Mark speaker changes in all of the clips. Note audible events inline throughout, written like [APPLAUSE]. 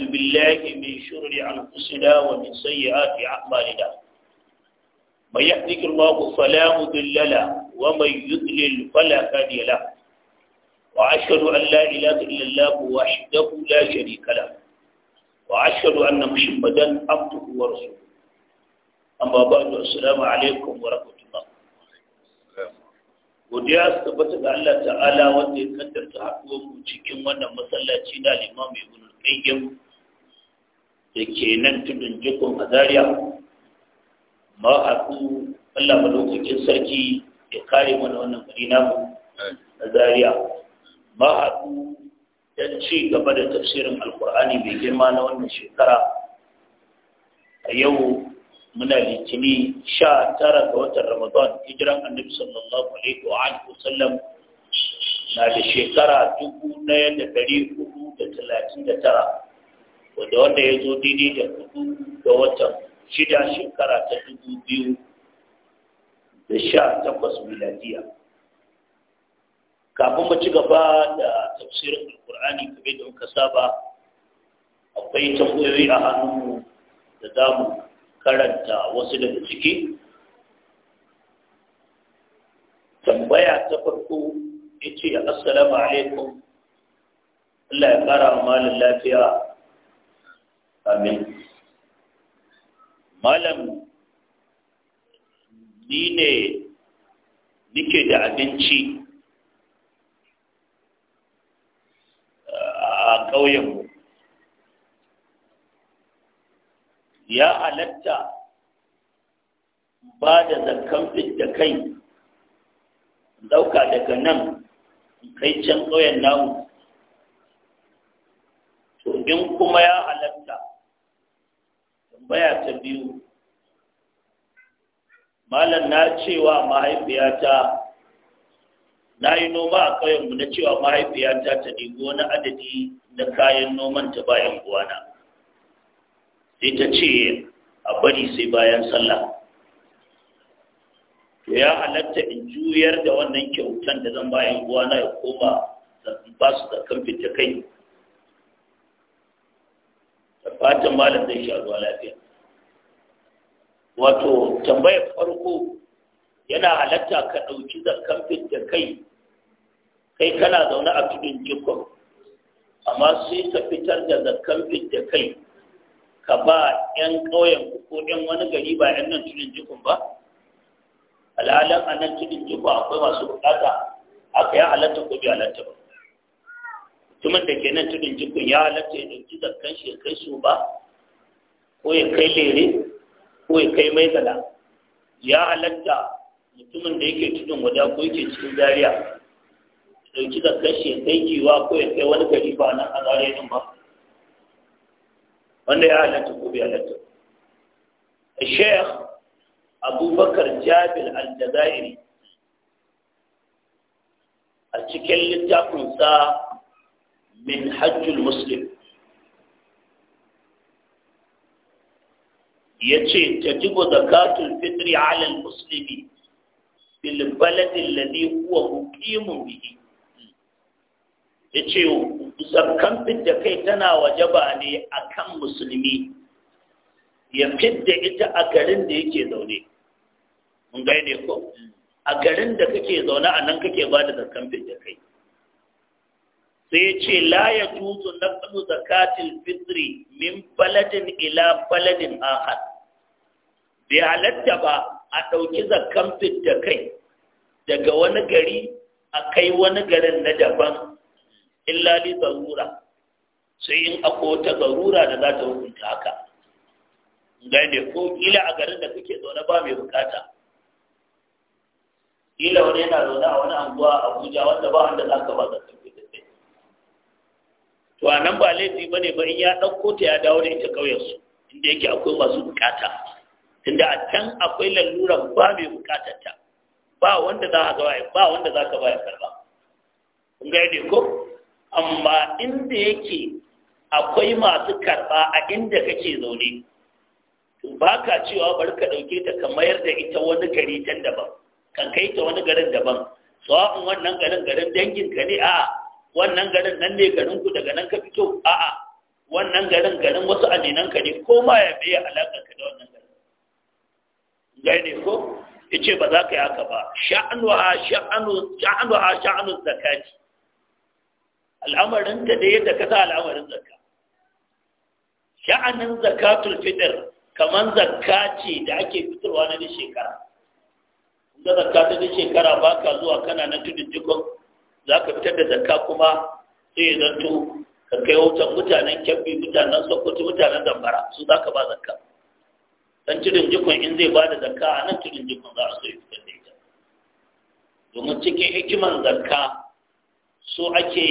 Speaker 1: ونعوذ بالله من شرور أنفسنا ومن سيئات أعمالنا من يهدك الله فلا مضل له ومن يضلل فلا هادي له وأشهد أن لا إله إلا الله وحده لا شريك له وأشهد أن محمدا عبده ورسوله أما بعد السلام عليكم ورحمة الله godiya su tabbata ga Allah ta'ala wanda ya kaddarta haɗuwar mu cikin wannan masallaci na limam ibn qayyim da ke nan tudun jikon azariya ma a ku Allah malaukakin sarki ya kare mana wannan gari namu azariya ma a ku don ci gaba da tafsirin alkur'ani mai girma na wannan shekara a yau muna litini sha tara ga watan ramadan hijiran annabi sallallahu alaihi wa alihi wasallam na da shekara dubu ɗaya da ɗari hudu da talatin da tara wanda wanda ya zo daidai da hudu da watan shida shekara ta dubu biyu da sha takwas miladiya kafin mu ci gaba da tafsirin alkur'ani kamar da muka saba akwai tambayoyi a hannu da za mu karanta wasu daga ciki tambaya ta farko ya ce assalamu alaikum Allah ya kara wa malin lafiya amin malam ni ne nike da abinci a ƙauyenmu ya halatta ba da zakan da kai ɗauka daga nan kai can ƙauyen namu to in kuma ya halatta Baya ta biyu malam na cewa mahaifiyata na yi noma a ƙauyenmu na cewa mahaifiyata ta ɗigo wani adadi na kayan noman ta bayan uwana sai ta ce a bari sai bayan sallah to ya halatta in juyar da wannan kyautan da zan bayan uwana ya koma ba su da kan fita kai fatan malam zai sha zuwa lafiya wato tambayar farko yana halatta ka ɗauki zakan da kai kai kana zaune a tudun jikon amma sai ka fitar da zakan da kai ka ba 'yan ƙauyen ko 'yan wani gari ba 'yan nan tudun jikon ba alhalan a nan tudun jikon akwai masu bukata aka yi halatta ko bi halatta ba mutumin da ke nan tudun jikun ya halatta ya ɗauki zakkan shi ya kai su ba ko ya kai lere ko ya kai maizala ya halatta mutumin da yake tudun wada ko yake cikin dariya? Ya ɗauki zakkan shi ya kai giwa ko ya kai wani gari ba nan a zariya ba wanda ya halatta ko bai halatta الشيخ أبو al-jazairi a cikin تاكم sa min hajjul muslim ya ce ta jibo zakatul fitri alal muslimi bil baladin ladhi huwa muqimun bihi ya ce zakkan fidda kai tana wajaba ne akan musulmi ya fidda ita a garin da yake zaune mun gaine ko a garin da kake zaune a nan kake ba da zakkan fidda kai sai ya ce la ya juzu na ƙasu zakatil fitri min baladin ila baladin ahad bai halatta ba a ɗauki zakan da kai daga wani gari a kai wani garin na daban illa li zarura sai in akwai wata zarura da za ta hukunta haka gane ko ila a garin da kake zaune ba mai bukata ila wani yana zaune a wani anguwa abuja wanda ba wanda za ka ba zakan to a nan ba laifi ba ne ba in ya ɗauko ta ya dawo da ita ƙauyensu inda yake akwai masu bukata inda a can akwai laluran ba mai bukatar ta ba wanda za a gaba ba wanda za ka ba ya karba kun ga yadda ko amma inda yake akwai masu karba a inda kake zaune ba ka cewa bari ka ɗauke ta ka mayar da ita wani gari can daban kan kai ta wani garin daban sawa'un wannan garin garin ka ne a wannan garin nan ne garin ku daga nan ka fito a'a wannan garin garin wasu aminan ka ne ko ma ya biya alaƙar ka da wannan garin gane ko yace ba za ka yi haka ba sha'anuha sha'anu sha'anuha sha'anu zakati al'amarin ta da yadda ka sa al'amarin zakka sha'anin zakatul fitr kaman zakka ce da ake fitarwa na shekara da zakka ta shekara baka zuwa kana na tudin jikon za ka fitar da zakka kuma sai ya zanto ka kai wutan mutanen kyabbi mutanen sokoto mutanen zambara su za ka ba zakka dan tudun jikon in zai ba da zakka a nan tudun jikon za a so ya fitar da ita domin cikin hikiman zakka so ake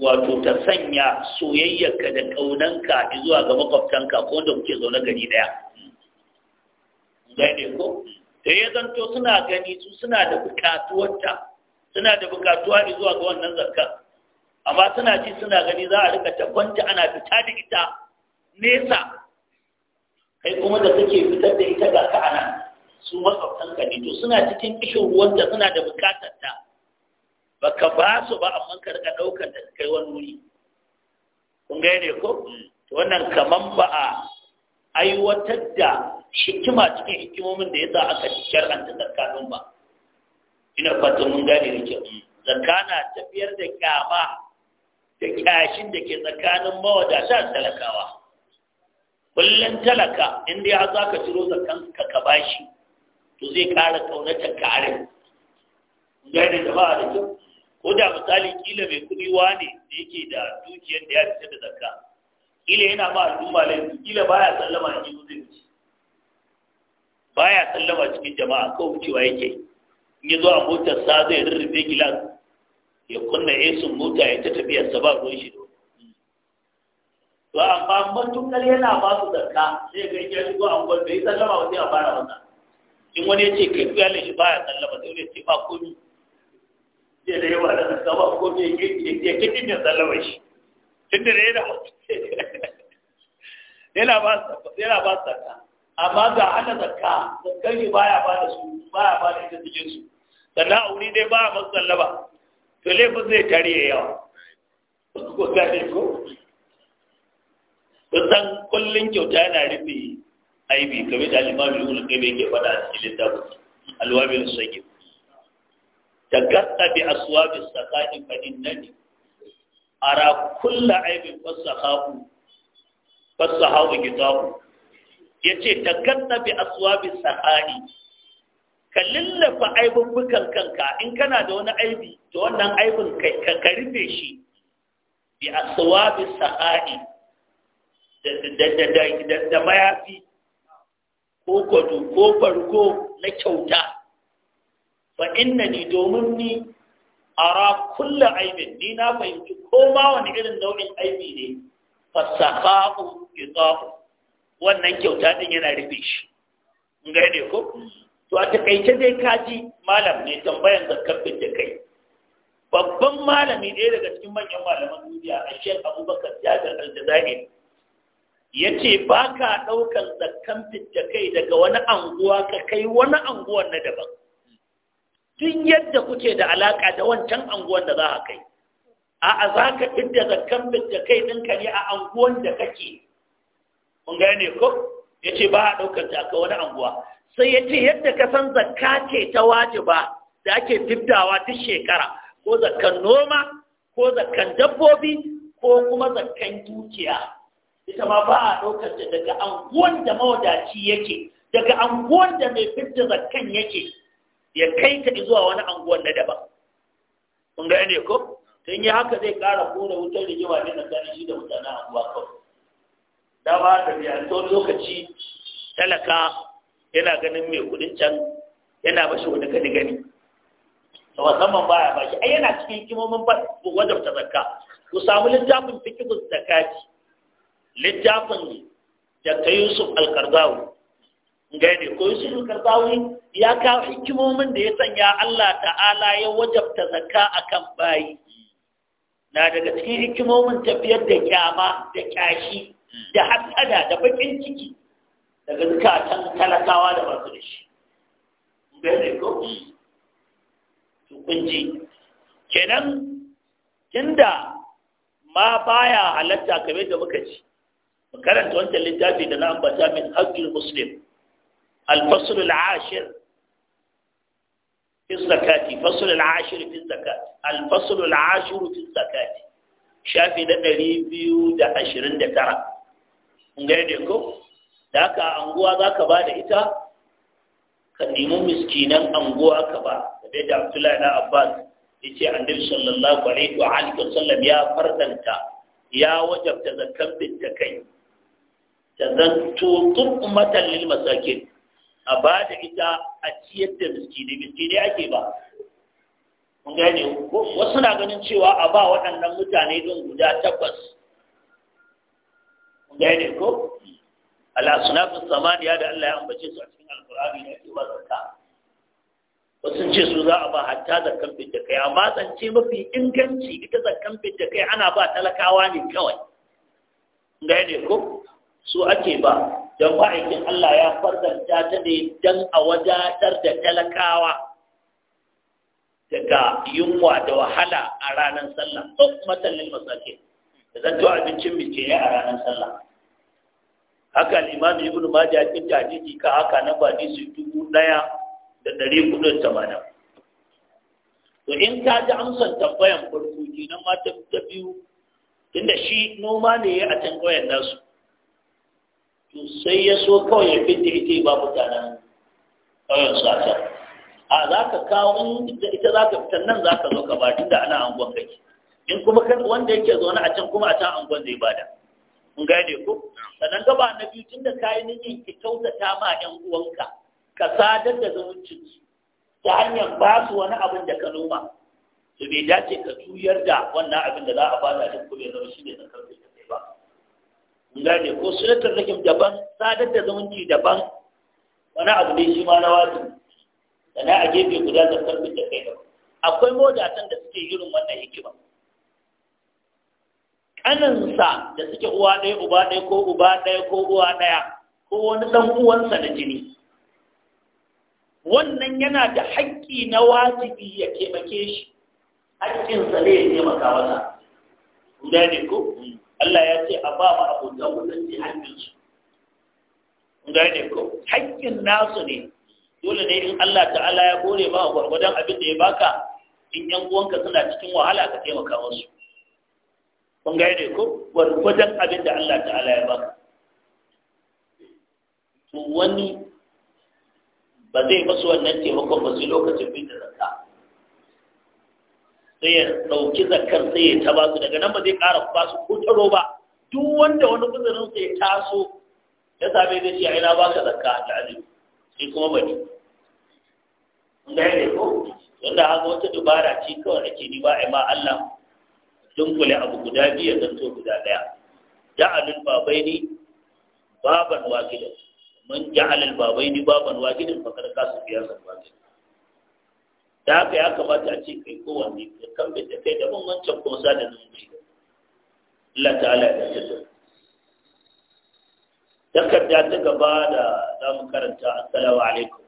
Speaker 1: wato ta sanya soyayyarka da ƙaunanka zuwa ga makwabtanka ko da kuke zaune gari ɗaya gane ko Da ya zanto suna gani su suna da buƙatuwarta suna da bukatuwa ne zuwa ga wannan zakka amma suna ci suna gani za a rika tabbanta ana fita da ita nesa kai kuma da kake fitar da ita ga ka ana su makwabtanka gani to suna cikin kishin ruwanta suna da bukatar ta ka ba su ba amma ka rika daukar da kai wani wuri kun ga ne ko to wannan kaman ba a aiwatar da hikima cikin hikimomin da ya yasa aka shar'anta zakka ba ina fatan mun gane da kyau zakana na tafiyar da kyama da kashin da ke tsakanin sa talakawa kullum talaka inda ya za ka ciro zakan ka ka bashi to zai ƙara ƙaunata kare gane da ba da ko da misali kila mai kuɗi wane da yake da dukiyar da ya fita da zakka kila yana ba al'umma laifi kila baya sallama a cikin zai baya sallama cikin jama'a ko wucewa yake yi Ni zo a sa zai rurrufe gilas ya kunna esun mota ya ta tafiyarsa ba ruwan shi to amma matukar yana ba su zarka sai ga ya shigo a gwal bai sallama wani a fara wannan in wani ya ce kai fiye shi baya sallama sai wani ya ce ba komi sai da yawa da zarka ba komi ya ke kin ya sallama shi tun da yana yana ba su [LAUGHS] zarka amma ga ana zakka zakkar ne baya ba da su baya ba da ita cikin su sannan aure dai ba man sallaba to laifin zai tare yawa ko gane ko san kullun kyauta yana rufe aibi kamar da alimami yulu kai ke faɗa a cikin littafin alwabil Ta tagatta bi aswabi sakani fa innani ara kullu aibin fasahahu fasahahu kitabu Ya ce yace ganna bi aswabi sahari ka lillafa bukan kanka in kana da wani aibi to wannan aibin ka rufe shi bi aswabi sahari da mayafi ko kwado ko farko na kyauta fa inna ni domin ni ara kulla aibin ni na fahimci ko ma wani irin nau'in aibi ne fasaha'u qita'u wannan kyauta din yana rufe shi gane ko to a takaice dai kaji malam ne tambayan zakar da kai babban malami ɗaya daga cikin manyan malaman duniya a shek abubakar jabir aljazair ya ce ba ka ɗaukar zakkan da kai daga wani anguwa ka kai wani anguwan na daban tun yadda kuke da alaƙa da wancan anguwan da za a kai a a za ka fidda zakkan da kai ɗinka ne a anguwan da kake mun gane ko ya ce ba a ɗaukar ta wani anguwa sai ya ce yadda ka san zakka ce ta wajiba da ake fiddawa duk shekara ko zakkan noma ko zakkan dabbobi ko kuma zakkan dukiya ita ma ba a ɗaukar ta daga anguwan da mawadaci yake daga anguwan da mai fidda zakkan yake ya kai ta zuwa wani anguwan na daban mun gane ko tun yi haka zai ƙara kore wutar rigima da na shi da mutanen anguwa kawai ba ta biya ta lokaci talaka yana ganin mai kudin can yana bashi wani gani gani Ba musamman baya bashi ai yana cikin kimomin wajen ta zakka ku samu littafin fikihus zakati littafin da ta yusuf alkarzawi gani ko yusuf alkarzawi ya kawo hikimomin da ya sanya allah ta'ala ya wajabta zakka akan bayi na daga cikin hikimomin tafiyar da kyama da kyashi da hasada da baƙin ciki daga zukatan talakawa da masu da shi bai ko tukunji kenan tunda ma baya halatta kamar da muka ci karanta wancan littafi da na ambata min haƙƙin muslim الفصل العاشر في الزكاة فصل العاشر في الزكاة الفصل العاشر في الزكاة شافي ده 229 gane ko da haka anguwa za ka ba da ita ka nemi miskinan anguwa ka ba da da abdullahi na abbas ya ce annabi sallallahu alaihi wa alihi wa sallam ya fardanta ya wajabta zakkan da kai ta zanto tummatan lil masakin a ba da ita a ciyar da miskini miskini ake ba mun gane wasu na ganin cewa a ba waɗannan mutane don guda takwas gane ko al samani samaniya da Allah ya ambace su a cikin alqur'ani ne ake ba wasu ce su za a ba hatta zakkan da kai amma zance mafi inganci ita zakkan da kai ana ba talakawa ne kawai gane ko su ake ba don ma'aikin Allah ya farzanta ta ne don a wadatar da talakawa daga yunwa da wahala a ranar sallah duk matsalin masakin da zanto abincin miskinai a ranar sallah haka limamin ibn maja ya kinta hadisi ka haka na ba ni su dubu ɗaya da dari kudu da tamanin to in ta ji amsar tambayan farko kenan ma ta biyu tunda shi noma ne ya a tambayan nasu to sai ya so kawai ya fita ita ba mutanen ƙauyen su a can a za ka kawo ita za ka fitan nan za ka zo ka ba tunda ana angon kake in kuma wanda yake zaune a can kuma a can angon zai bada mun gane ko sannan gaba na biyu tunda kayi nufin ki kyautata ma yan uwanka ka sadar da zumuncin su ta hanyar ba su wani abin da ka noma to bai dace ka juyar da wannan abin da za a bada da kuma ya zama shi ne na karfe da kai ba mun gane ko sunatar rahim daban sadar da zumunci daban wani abu ne shi ma na wajibi sannan a gefe guda da karfe da kai daban akwai modatan da suke irin wannan hikima ƙaninsa da suke uwa ɗaya uba ɗaya ko uba ɗaya ko uwa ɗaya ko wani ɗan uwansa da jini wannan yana da haƙƙi na wajibi ya taimake shi haƙƙinsa ne ya taimaka guda ne ko Allah ya ce a ba ma abota wutan ji haƙƙinsu ne ko haƙƙin nasu ne dole ne in Allah ta'ala ya kore ba gwargwadon abin da ya baka in yan uwanka suna cikin wahala ka taimaka musu kun gane ko gwargwadon abin da Allah ta'ala ya baka to wani ba zai masu wannan taimakon ba sai lokacin bin da zakka sai ya ɗauki zakkar sai ya taba su daga nan ba zai ƙara ba su ko taro ba duk wanda wani kuzarin sai ya taso ya same shi a ina ba baka zakka a ta'ali sai kuma bane kun gane ko wanda haka wata dubara ce kawai ake ni ba yi ma Allah dunkule abu guda biyu ya zanto guda daya ja'alul babaini baban wahidan man ja'alul babaini baban wakilin fa kada kasu biyar zan wahidan da haka ya kamata a ce kai kowanne kan bai da kai da mun wancan ko sa da zumunci Allah ta'ala ya tsaya takarda ta gaba da za mu karanta assalamu alaikum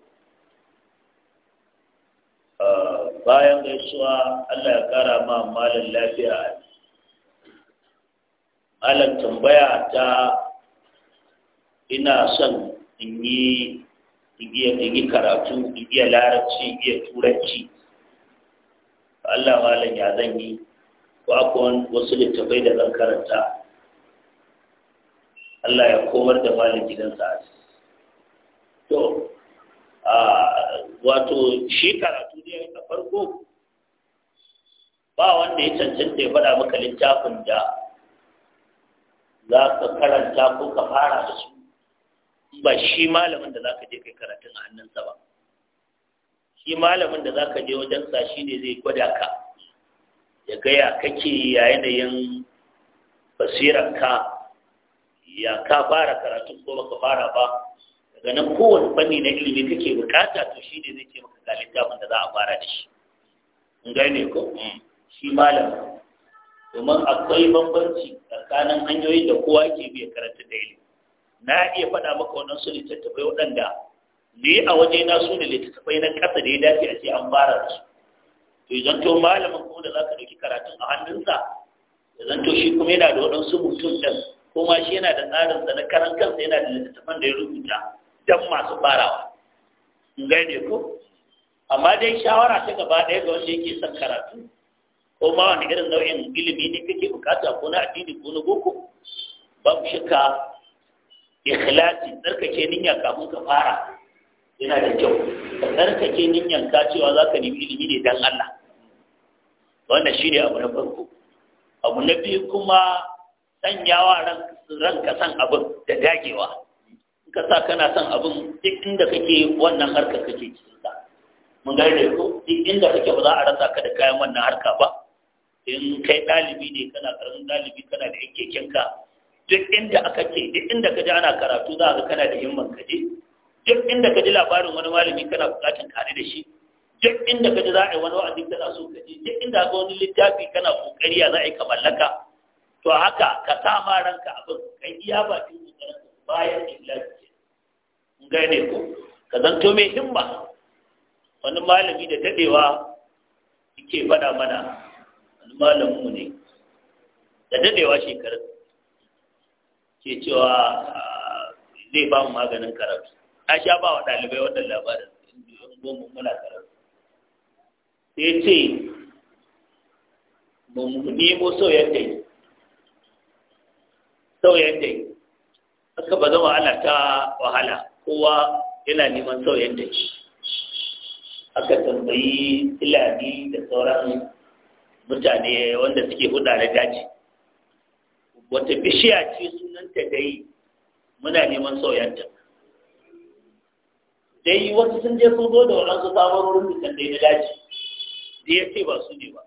Speaker 1: ah, bayan gaisuwa Allah ya kara ma malam lafiya malam tambaya ta ina son in yi karatu in iya larabci iya turanci Allah malin ya zan yi ko wasu littafai da zan karanta Allah ya komar da gidan gidansa to wato shi karatu duniya ta farko ba wanda ya cancanta ya faɗa maka littafin da za ka karanta ko ka fara da su ba shi malamin da za ka je kai karatun a hannunsa ba shi malamin da za ka je wajen sa shi ne zai gwada ka ya gaya kake ya yanayin ka ya ka fara karatun ko baka fara ba Ganin kowane fanni na ilimi kake bukata to shi ne zai ce maka ga littafin da za a fara da shi in gane ko mm. shi malam domin akwai bambanci tsakanin hanyoyin da kowa ke biya karanta da ilimi na iya faɗa maka wannan su littattafai waɗanda ni a waje na su ne littattafai na ƙasa da ya dace a ce an fara da su to idan to malamin kuma da za ka ɗauki karatun a hannunsa idan to shi kuma yana da waɗansu mutum ɗin kuma shi yana da tsarinsa na karan kansa yana da littattafan da ya rubuta dan masu farawa in gane ko amma dai shawara ta gaba ɗaya ga wanda yake son karatu ko ma wani irin nau'in ilimi ne kake bukata ko na addini ko na boko babu shakka ikhlasi tsarkake ninya kafin ka fara yana da kyau tsarkake niyyan ka cewa za ka nemi ilimi ne dan Allah wannan shine abu na farko abu na biyu kuma sanyawa ranka san abin da dagewa ka sa kana son abin duk inda kake wannan harkar kake cikin sa mun gane da ko duk inda kake ba za a rasa ka da kayan wannan harka ba in kai ɗalibi ne kana karamin ɗalibi kana da yan ka duk inda aka ce duk inda ka ji ana karatu za ka kana da himman ka je duk inda ka ji labarin wani malami kana buƙatar kare da shi duk inda ka ji za a yi wani wa'azi kana so ka je duk inda ka wani littafi kana kokari za a yi ka mallaka to haka ka sa ma ranka abin kai iya bakin kokarin bayan illaci gane ko ka zanto mai himma wani malami da dadewa yake faɗa mana wani malaminmu ne da dadewa shekarar ke cewa ah, zai ba mu maganin karatu a sha ba wa ɗalibai wannan labarin in goma muna karatu sai ce ba mu nemo sauyan dai sauyan dai aka ba zama ana ta wahala kowa yana neman sauyin da shi aka tambayi filani da sauran mutane wanda suke huda da daji wata bishiya ce sunanta dai muna neman sauyanta dai wasu sun je sun zo da waɗansu wurin da dai na daji da ya ba su ne ba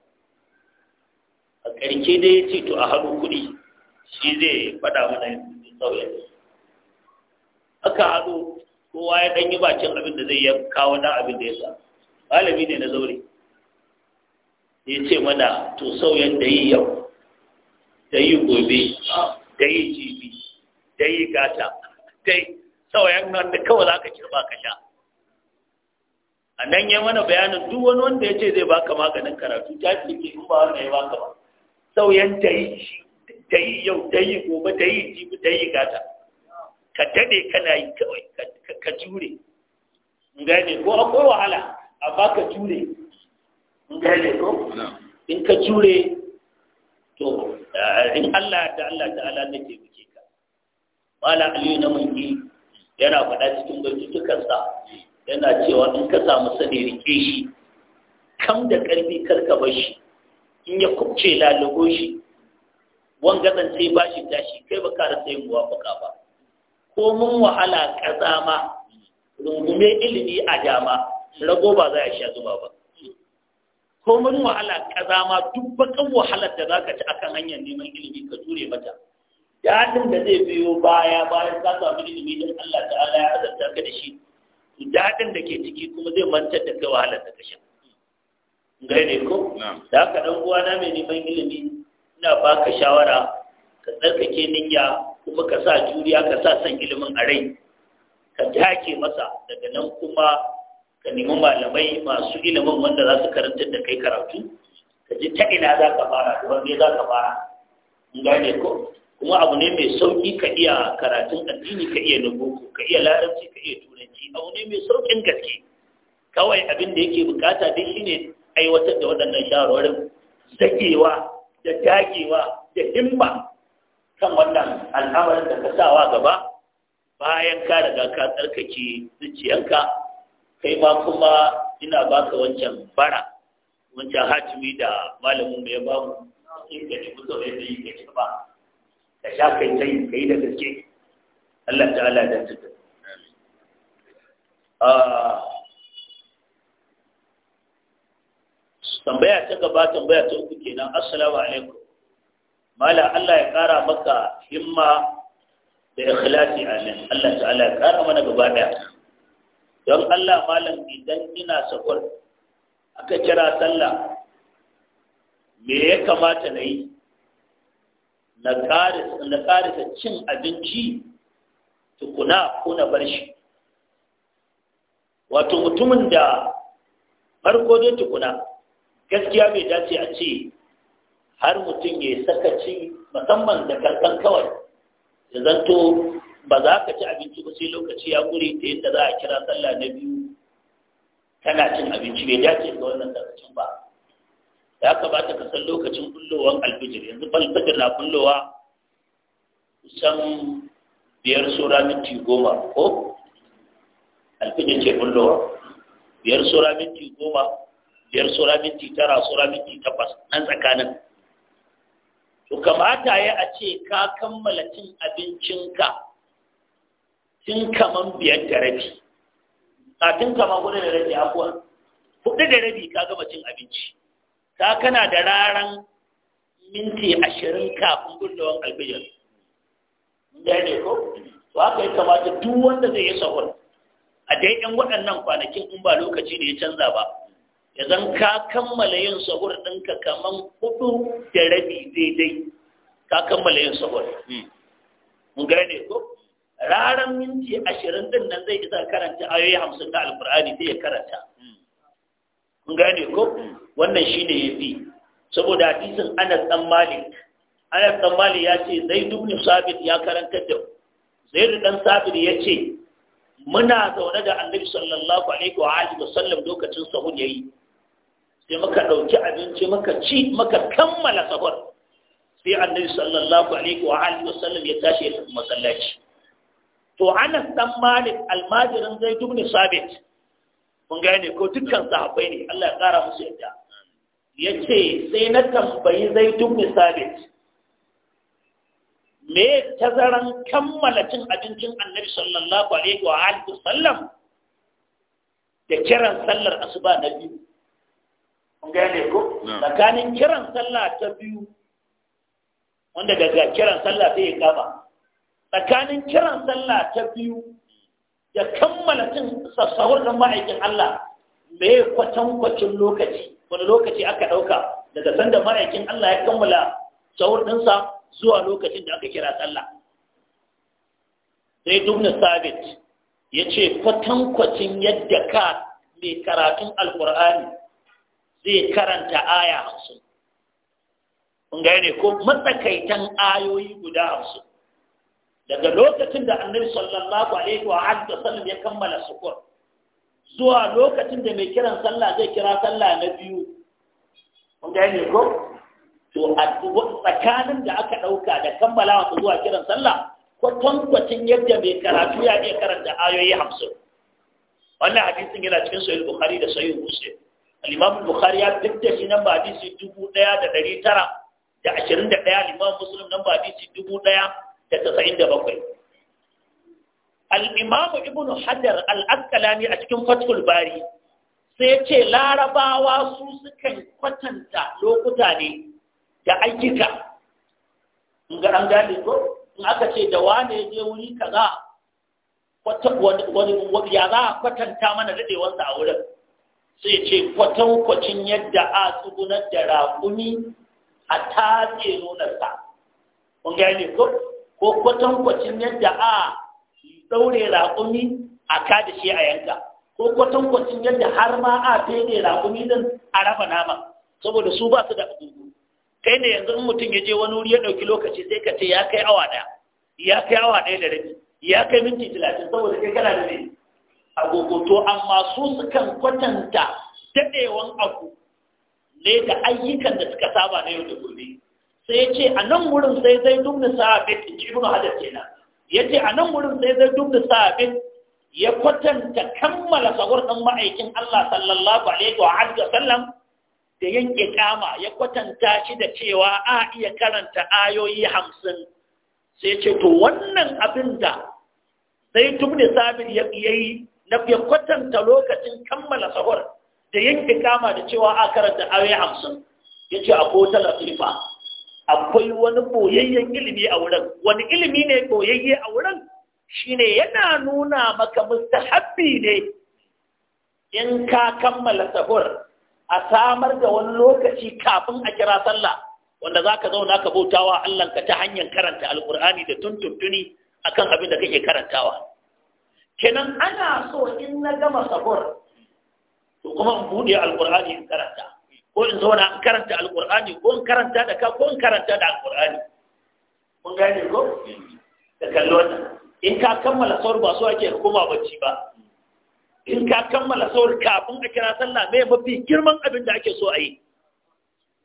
Speaker 1: a ƙarke dai ya ce to a haɗu kuɗi shi zai faɗa mana sauyanta aka haɗu kowa ya ɗan yi bacin abin da zai kawo ɗan abin da ya sa malami ne na zaure ya ce mana to sauyan da yi yau da yi gobe da yi jibi da yi gata da yi sauyan nan da kawai za ka kirba ka sha a nan ya mana bayanin duk wani wanda ya ce zai baka maganin karatu ta ce ke in ba wanda ya baka ba sauyan da yi shi da yi yau da yi gobe da yi jibi da yi gata ka dade kana yi kawai ka jure gane ko akwai wahala amma ka jure gane ko in ka jure to eh, in Allah da Allah ta'ala ne ke muke ka wala aliyu na munki yana faɗa cikin sa, yana cewa in ka samu sani rike shi kam da ƙarfi karka bar shi in ya kubce lalugo shi wangan sai bashi tashi kai baka rasa yin muwafaka ba ko mun wahala kaza ma rungume ilimi a dama rago ba za a sha zuba ba ko mun wahala kaza ma duk bakan wahalar da zaka ci akan hanyar neman ilimi ka ture mata dadin da zai biyo baya bayan ka samu ilimi don Allah ta'ala ya azabta ka da shi dadin da ke ciki kuma zai mantar da kai wahalar da ka sha gane ko da haka dan uwana mai neman ilimi ina baka shawara ka tsarkake niyya kuma ka sa juriya ka sa san ilimin a rai ka take masa daga nan kuma ka nemi malamai masu ilimin wanda za su karanta da kai karatu ka ji ta ina za ka fara da wanne za ka fara in gane ko kuma abu ne mai sauki ka iya karatun addini ka iya na ka iya larabci ka iya turanci abu ne mai saukin gaske kawai abin da yake bukata dai shine aiwatar da waɗannan shawarwarin zakewa da dagewa da himma kan wannan al'amarin da ka sawa gaba bayan ka daga ka tsarkake zuciyanka kai ma kuma ina baka wancan bara wancan hatimi da malamin mai ya in ka ci kusa ya yi ka ci ba ka sha kai tai kai da gaske Allah ta'ala da ta ah, tambaya ta gaba tambaya ta uku kenan assalamu alaikum mala Allah ya kara maka himma da ikhlasi amin Allah ta'ala ya kara mana gaba daya don Allah malam idan ina safar aka kira sallah me ya kamata na yi na karisa cin abinci tukuna ko na bar shi wato mutumin da farko dai tukuna gaskiya bai dace a ce har mutum ya sakaci musamman da karkan kawai da zanto ba za ka ci abinci ba sai lokaci ya gure ta yadda za a kira sallah na biyu tana cin abinci bai dace ga wannan lokacin ba ya kamata ka san lokacin kullowar alfijir yanzu alfijir na kullowa kusan biyar sura minti goma ko alfijir ce kullowa biyar sura minti goma biyar sura minti tara sura minti takwas nan tsakanin to kamata ya a ce ka kammala cin abincinka tun kaman biyar da rabi a tun kaman hudu da rabi abuwa hudu da rabi ka gama cin abinci ta kana da raran minti ashirin kafin gudunawan albijar da ne ko to haka ya kamata duk wanda zai yi sahur a dai yan waɗannan kwanakin in ba lokaci ne ya canza ba idan ka kammala yin sahur ɗinka kaman hudu da rabi daidai ka kammala yin sahur hmm. mun gane ko raran minti ashirin din nan zai isa karanta ayoyi hamsin na alfur'ani sai ya karanta hmm. mun gane ko hmm. wannan shi ne ya fi saboda hadisin anas dan malik anas dan malik ya ce zai dubni sabit ya karanta da zai dan sabit ya ce muna zaune da annabi sallallahu alaihi wa alihi wasallam lokacin sahur yayi sai maka ɗauki abinci maka ci maka kammala sahur sai annabi sallallahu alaihi wa alihi wa sallam ya tashi ya tafi masallaci to Anas dan Malik almajirin zai ibn Sabit kun gane ko dukkan sahabbai ne Allah ya kara musu yadda yace sai na tambayi zai ibn Sabit me tazaran kammala cin abincin annabi sallallahu alaihi wa alihi wa sallam da kiran sallar asuba na biyu gane ko tsakanin kiran sallah ta biyu wanda daga sallah sai ya tsakanin kiran sallah ta biyu da kammala cin sassahun da ma'aikin Allah kwatan kwatankwacin lokaci wani lokaci aka ɗauka daga sanda ma'aikin Allah ya kammala sahur ɗinsa zuwa lokacin da aka kira sallah sai dubna sabit ya ce kwatankwacin yadda ka mai karatun alkur'ani zai karanta aya hamsin kun gane ko matsakaitan ayoyi guda hamsin daga lokacin da annabi sallallahu alaihi wa alihi sallam ya kammala sukur zuwa lokacin da mai kiran sallah zai kira sallah na biyu kun gane ko to a tsakanin da aka ɗauka da kammalawa zuwa kiran sallah kwatankwacin yadda mai karatu ya iya karanta ayoyi hamsin wannan hadisin yana cikin sahih bukhari da sahih muslim imam bukhari ya fitta shi nan ba hadisi 1900 da 21 imam muslim nan ba hadisi 1097 al-imam ibn hajar al-asqalani a cikin fathul bari sai ce larabawa su suka kwatanta lokuta ne da ayyuka ga an gane ko in aka ce da wane je wuri kaza wani ya za a kwatanta mana sa a wurin sai ce kwatankwacin yadda a tsugunar da raƙumi a tatse nunarsa. kun gane ko ko kwatankwacin yadda a ɗaure raƙumi a kada shi a yanka ko kwatankwacin yadda har ma a fede raƙumi din a raba nama saboda su ba su da abubu kai ne yanzu in mutum ya je wani wuri ya ɗauki lokaci sai ka ce ya kai awa ɗaya ya kai awa ɗaya da rabi ya kai minti talatin saboda kai kana da ne gogoto, amma su sukan kwatanta daɗewan abu ne da ayyukan da suka saba na yau da gobe sai ce a nan wurin sai zai dubna sa'abin in ji ibnu hajar kenan ya ce a nan wurin sai zai dubna sa'abin ya kwatanta kammala sahur ɗin ma'aikin Allah sallallahu alaihi wa alihi Sallam da yanke kama ya kwatanta shi da cewa a iya karanta ayoyi hamsin sai ce to wannan abin da sai da sabir ya yi na ya kwatanta lokacin kammala sahur da yanke kama da cewa a karanta awe hamsin ya ce a wata latifa akwai wani boyayyen ilimi a wurin wani ilimi ne boyayye a wurin shine yana nuna maka mustahabbi ne in ka kammala sahur a samar da wani lokaci kafin a kira sallah wanda za ka zauna ka bautawa Allahnka ta hanyar karanta alkur'ani da tuntuntuni akan abin da kake karantawa kenan ana so in na gama sabur to kuma in bude alqur'ani in karanta ko in zo na karanta alqur'ani ko in karanta da ka ko in karanta da alqur'ani kun gane ko da kallon in ka kammala sabur ba so ake koma bacci ba in ka kammala sabur kafin a kira sallah me mafi girman abin da ake so a yi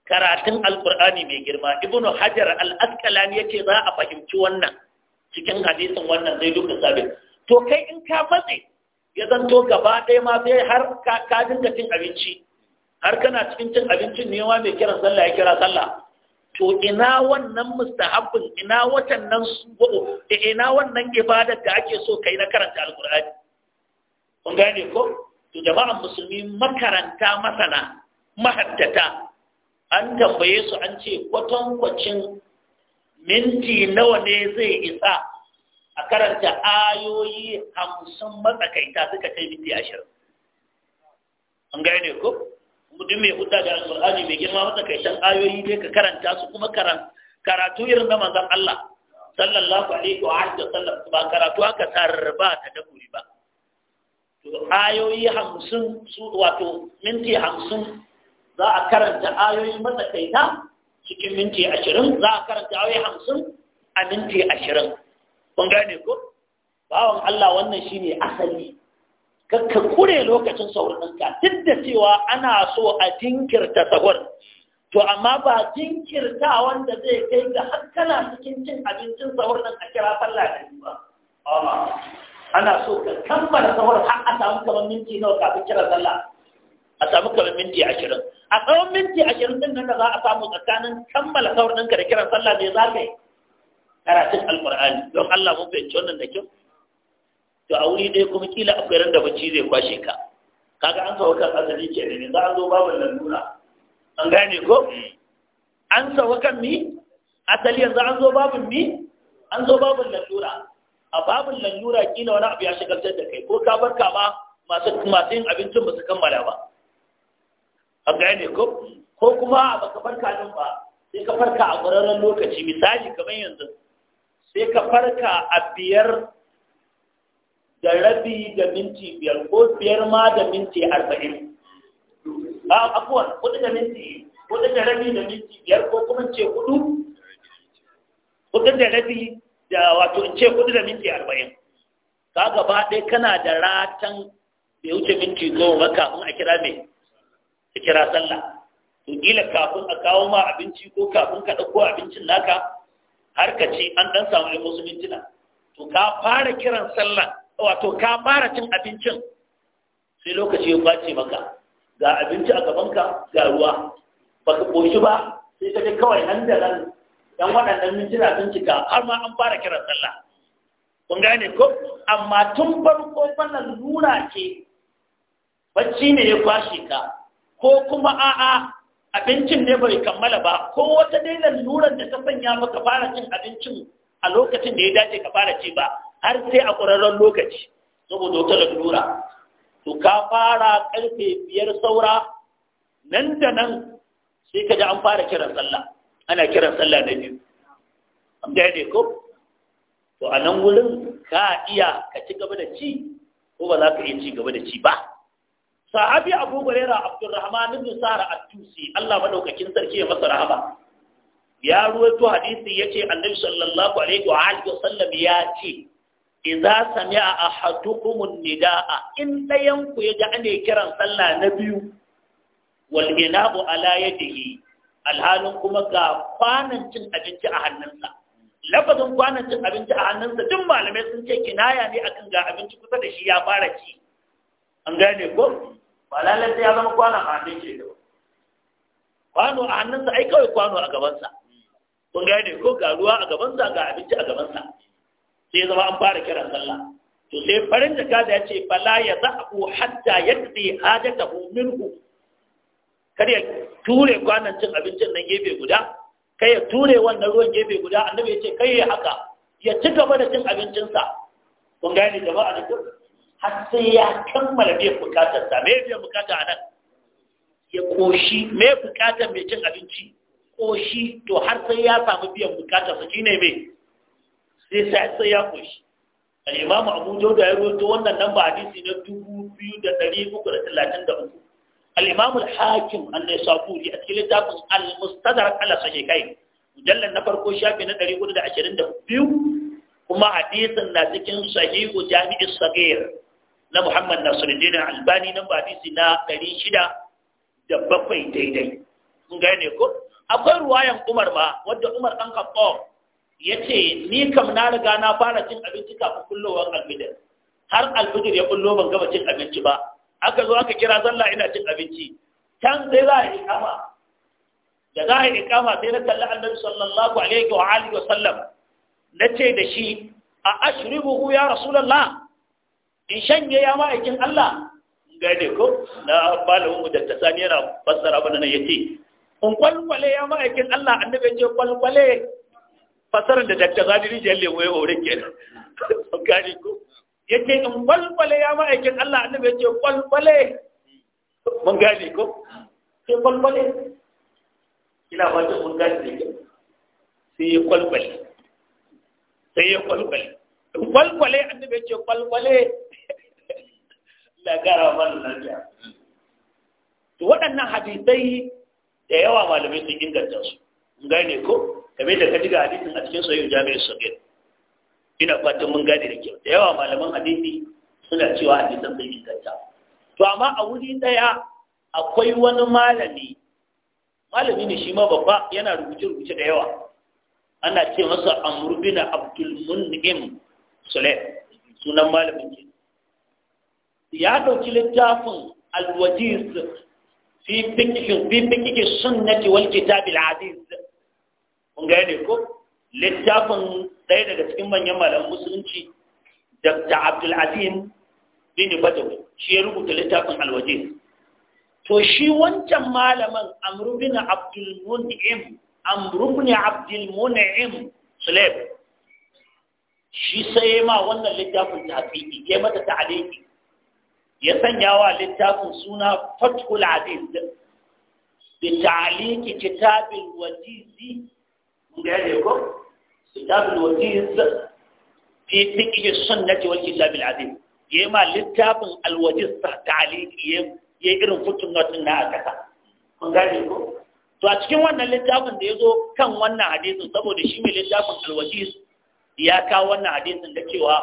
Speaker 1: karatun alqur'ani mai girma ibnu hajar al-asqalani yake za a fahimci wannan cikin hadisin wannan zai duka sabin to kai in ka matse ya zanto gaba ɗaya ma sai har ka dinga cin abinci har kana cikin cin abincin ne wa mai kiran sallah ya kira sallah to ina wannan mustahabbin ina watan nan da eh, ina wannan ibadar da ake so kai na karanta alkur'ani kun gane ko to jama'an musulmi makaranta masana mahaddata an tambaye su an ce kwatankwacin minti nawa ne zai isa a karanta ayoyi hamsin matsakaita suka kai minti ashirin an gane ko mutum mai hudda da alƙur'ani mai girma matsakaitan ayoyi dai ka karanta su kuma karatu irin na manzon Allah sallallahu alaihi wa alihi wasallam ba karatu haka tarba ta daburi ba to ayoyi hamsin su wato minti hamsin za a karanta ayoyi matsakaita cikin minti ashirin za a karanta ayoyi hamsin a minti ashirin kun gane ko bawan Allah wannan shine asali kakka kure lokacin saurinka duk da cewa ana so a jinkirta sahur to amma ba jinkirta wanda zai kai ga har cikin cin abincin sahur nan a kira falla da ba ana so ka kammala sahur har a samu kamar minti nawa kafin kira sallah a samu kamar minti ashirin a tsawon minti ashirin din nan da za a samu tsakanin kammala sahur ɗinka da kiran sallah ne za ka yi karatun alkur'ani don Allah mun fahimci wannan da kyau to a wuri ɗaya kuma kila akwai ran da bacci zai kwashe ka kaga an sauka kan azali ke ne za a zo babu lalura an gane ko an sauka kan mi asali yanzu an zo babu mi an zo babu lalura a babu lalura kila wani abu ya shagaltar da kai ko ka bar kama masu masu yin abincin ba su kammala ba an gane ko ko kuma baka farka nan ba sai ka farka a ƙwararren lokaci misali kamar yanzu sai ka farka a biyar da rabi da minti biyar ko biyar ma da minti arba'in a ah, abuwan kudu da minti kudu da rabi da minti biyar ko kuma ce kudu kudu da rabi da wato in ce kudu da minti arba'in ka gaba ɗaya kana da ratan ya wuce minti goma kafin a kira mai a kira sallah to kila kafin a kawo ma abinci ko kafin ka ɗauko abincin naka har ka ce an dan samu ne wasu mintuna to ka fara kiran sallah wato ka fara cin abincin sai lokaci ya bace maka ga abinci a gabanka ga ruwa baka koshi ba sai ka ji kawai nan da nan dan waɗannan mintuna sun cika har ma an fara kiran sallah kun gane ko amma tun farko wannan nuna ce bacci ne ya kwashe ka ko kuma a'a abincin ne bai kammala ba ko wata dai lalurar da ta sanya maka fara cin abincin a lokacin da ya dace ka fara ci ba har sai a ƙwararren lokaci saboda wata lalura to ka fara ƙarfe biyar saura nan da nan sai ka ji an fara kiran sallah ana kiran sallah na biyu an ne ko to a nan wurin ka iya ka ci gaba da ci ko ba za ka iya ci gaba da ci ba sahabi abu huraira abdurrahman ibn sara at-tusi Allah madaukakin sarki ya masa rahama ya ruwaito hadisi yace annabi sallallahu alaihi wa alihi wa sallam ya ce idza sami'a ahadukum an-nida'a in dayan ku ga ane kiran sallah na biyu wal inabu ala yadihi alhalun kuma ga kwanan cin abinci a hannunsa lafazin kwanan cin abinci a hannunsa duk malamai sun ce kinaya ne akan ga abinci kusa da shi ya fara ci an gane ko ba lallai sai ya zama kwano a hannun shi da kwano a hannunsa ai kawai kwano a gabansa kun ne ko ga ruwa a gabansa ga abinci a gabansa sai zama an fara kiran sallah to sai farin jaka da ya ce Bala ya za'u hatta yaqdi hajatahu minhu kar ya ture kwanan cin abincin nan gefe guda kai ya ture wannan ruwan gefe guda annabi ya ce kai ya haka ya ci gaba da cin abincinsa kun gane jama'a da har sai ya kammala biyan bukatar sa me biyan bukata a nan ya koshi me bukatar mai cin abinci koshi to har sai ya samu biyan bukatar sa shine me sai sai ya koshi al-imamu Abu jauda ya rawaito wannan ba hadisi na 2333 al-imamu al-Hakim an-Naisaburi a cikin littafin al-Mustadrak ala sahihain mujallal na farko shafi na 422 kuma hadisin na cikin sahihu jami'is sagir na Muhammad Nasiruddin Albani nan ba hadisi na 607 daidai mun gane ko akwai ruwayan Umar ba, wanda Umar dan Khattab ce ni kam na riga na fara cin abinci kafin kullowar alfijir har al alfijir ya kullo ban gaba cin abinci ba aka zo aka kira sallah ina cin abinci can sai za a yi kama da za a yi kama sai na kalli annabi sallallahu alaihi wa alihi wa sallam nace da shi a ashribuhu ya rasulullah in shanye ya ma'aikin Allah gane ko na malamin mujattasa ne yana fassara bana nan yace in kwalkwale ya ma'aikin Allah annabi ya ce kwalkwale Fassara da dakta zadiri je le waye ore ke gane ko yace in kwalkwale ya ma'aikin Allah annabi ya ce kwalkwale mun gane ko sai kwalkwale ina ba ta mun gane ke sai ya kwalkwale sai ya kwalkwale kwalkwale annabi ya ce kwalkwale lagara mana lafiya to waɗannan hadisai da yawa malamai sun inganta su mun gane ko kamar da ka ji hadisin a cikin sahih jami'in sahih ina fatan mun gane da kyau da yawa malaman hadisi suna cewa hadisan sun inganta to amma a wuri daya akwai wani malami malami ne shi ma babba yana rubuce-rubuce da yawa ana ce masa amru abdul mun'im sulaim sunan malamin ke ya ɗauki littafin alwajiz fi fikikin sunnati wal kitabil aziz kun ga ne ko littafin ɗaya daga cikin manyan malaman musulunci dr abdulazim bin badawi shi ya rubuta littafin alwajiz to shi wancan malaman amru bin abdul mun'im amru abdul mun'im suleb shi sai ma wannan littafin tafi'i ya mata ta'aliki ya sanya wa littafin suna fathul aziz bi ta'liqi kitabil wajiz ne ko kitabil wajiz fi fiqh sunnati wal kitabil aziz ma littafin al wajiz ta'liqi ya irin footnote na aka kun gane ko to a cikin wannan littafin da ya zo kan wannan hadisin saboda shi mai littafin alwajis ya kawo wannan hadisin da cewa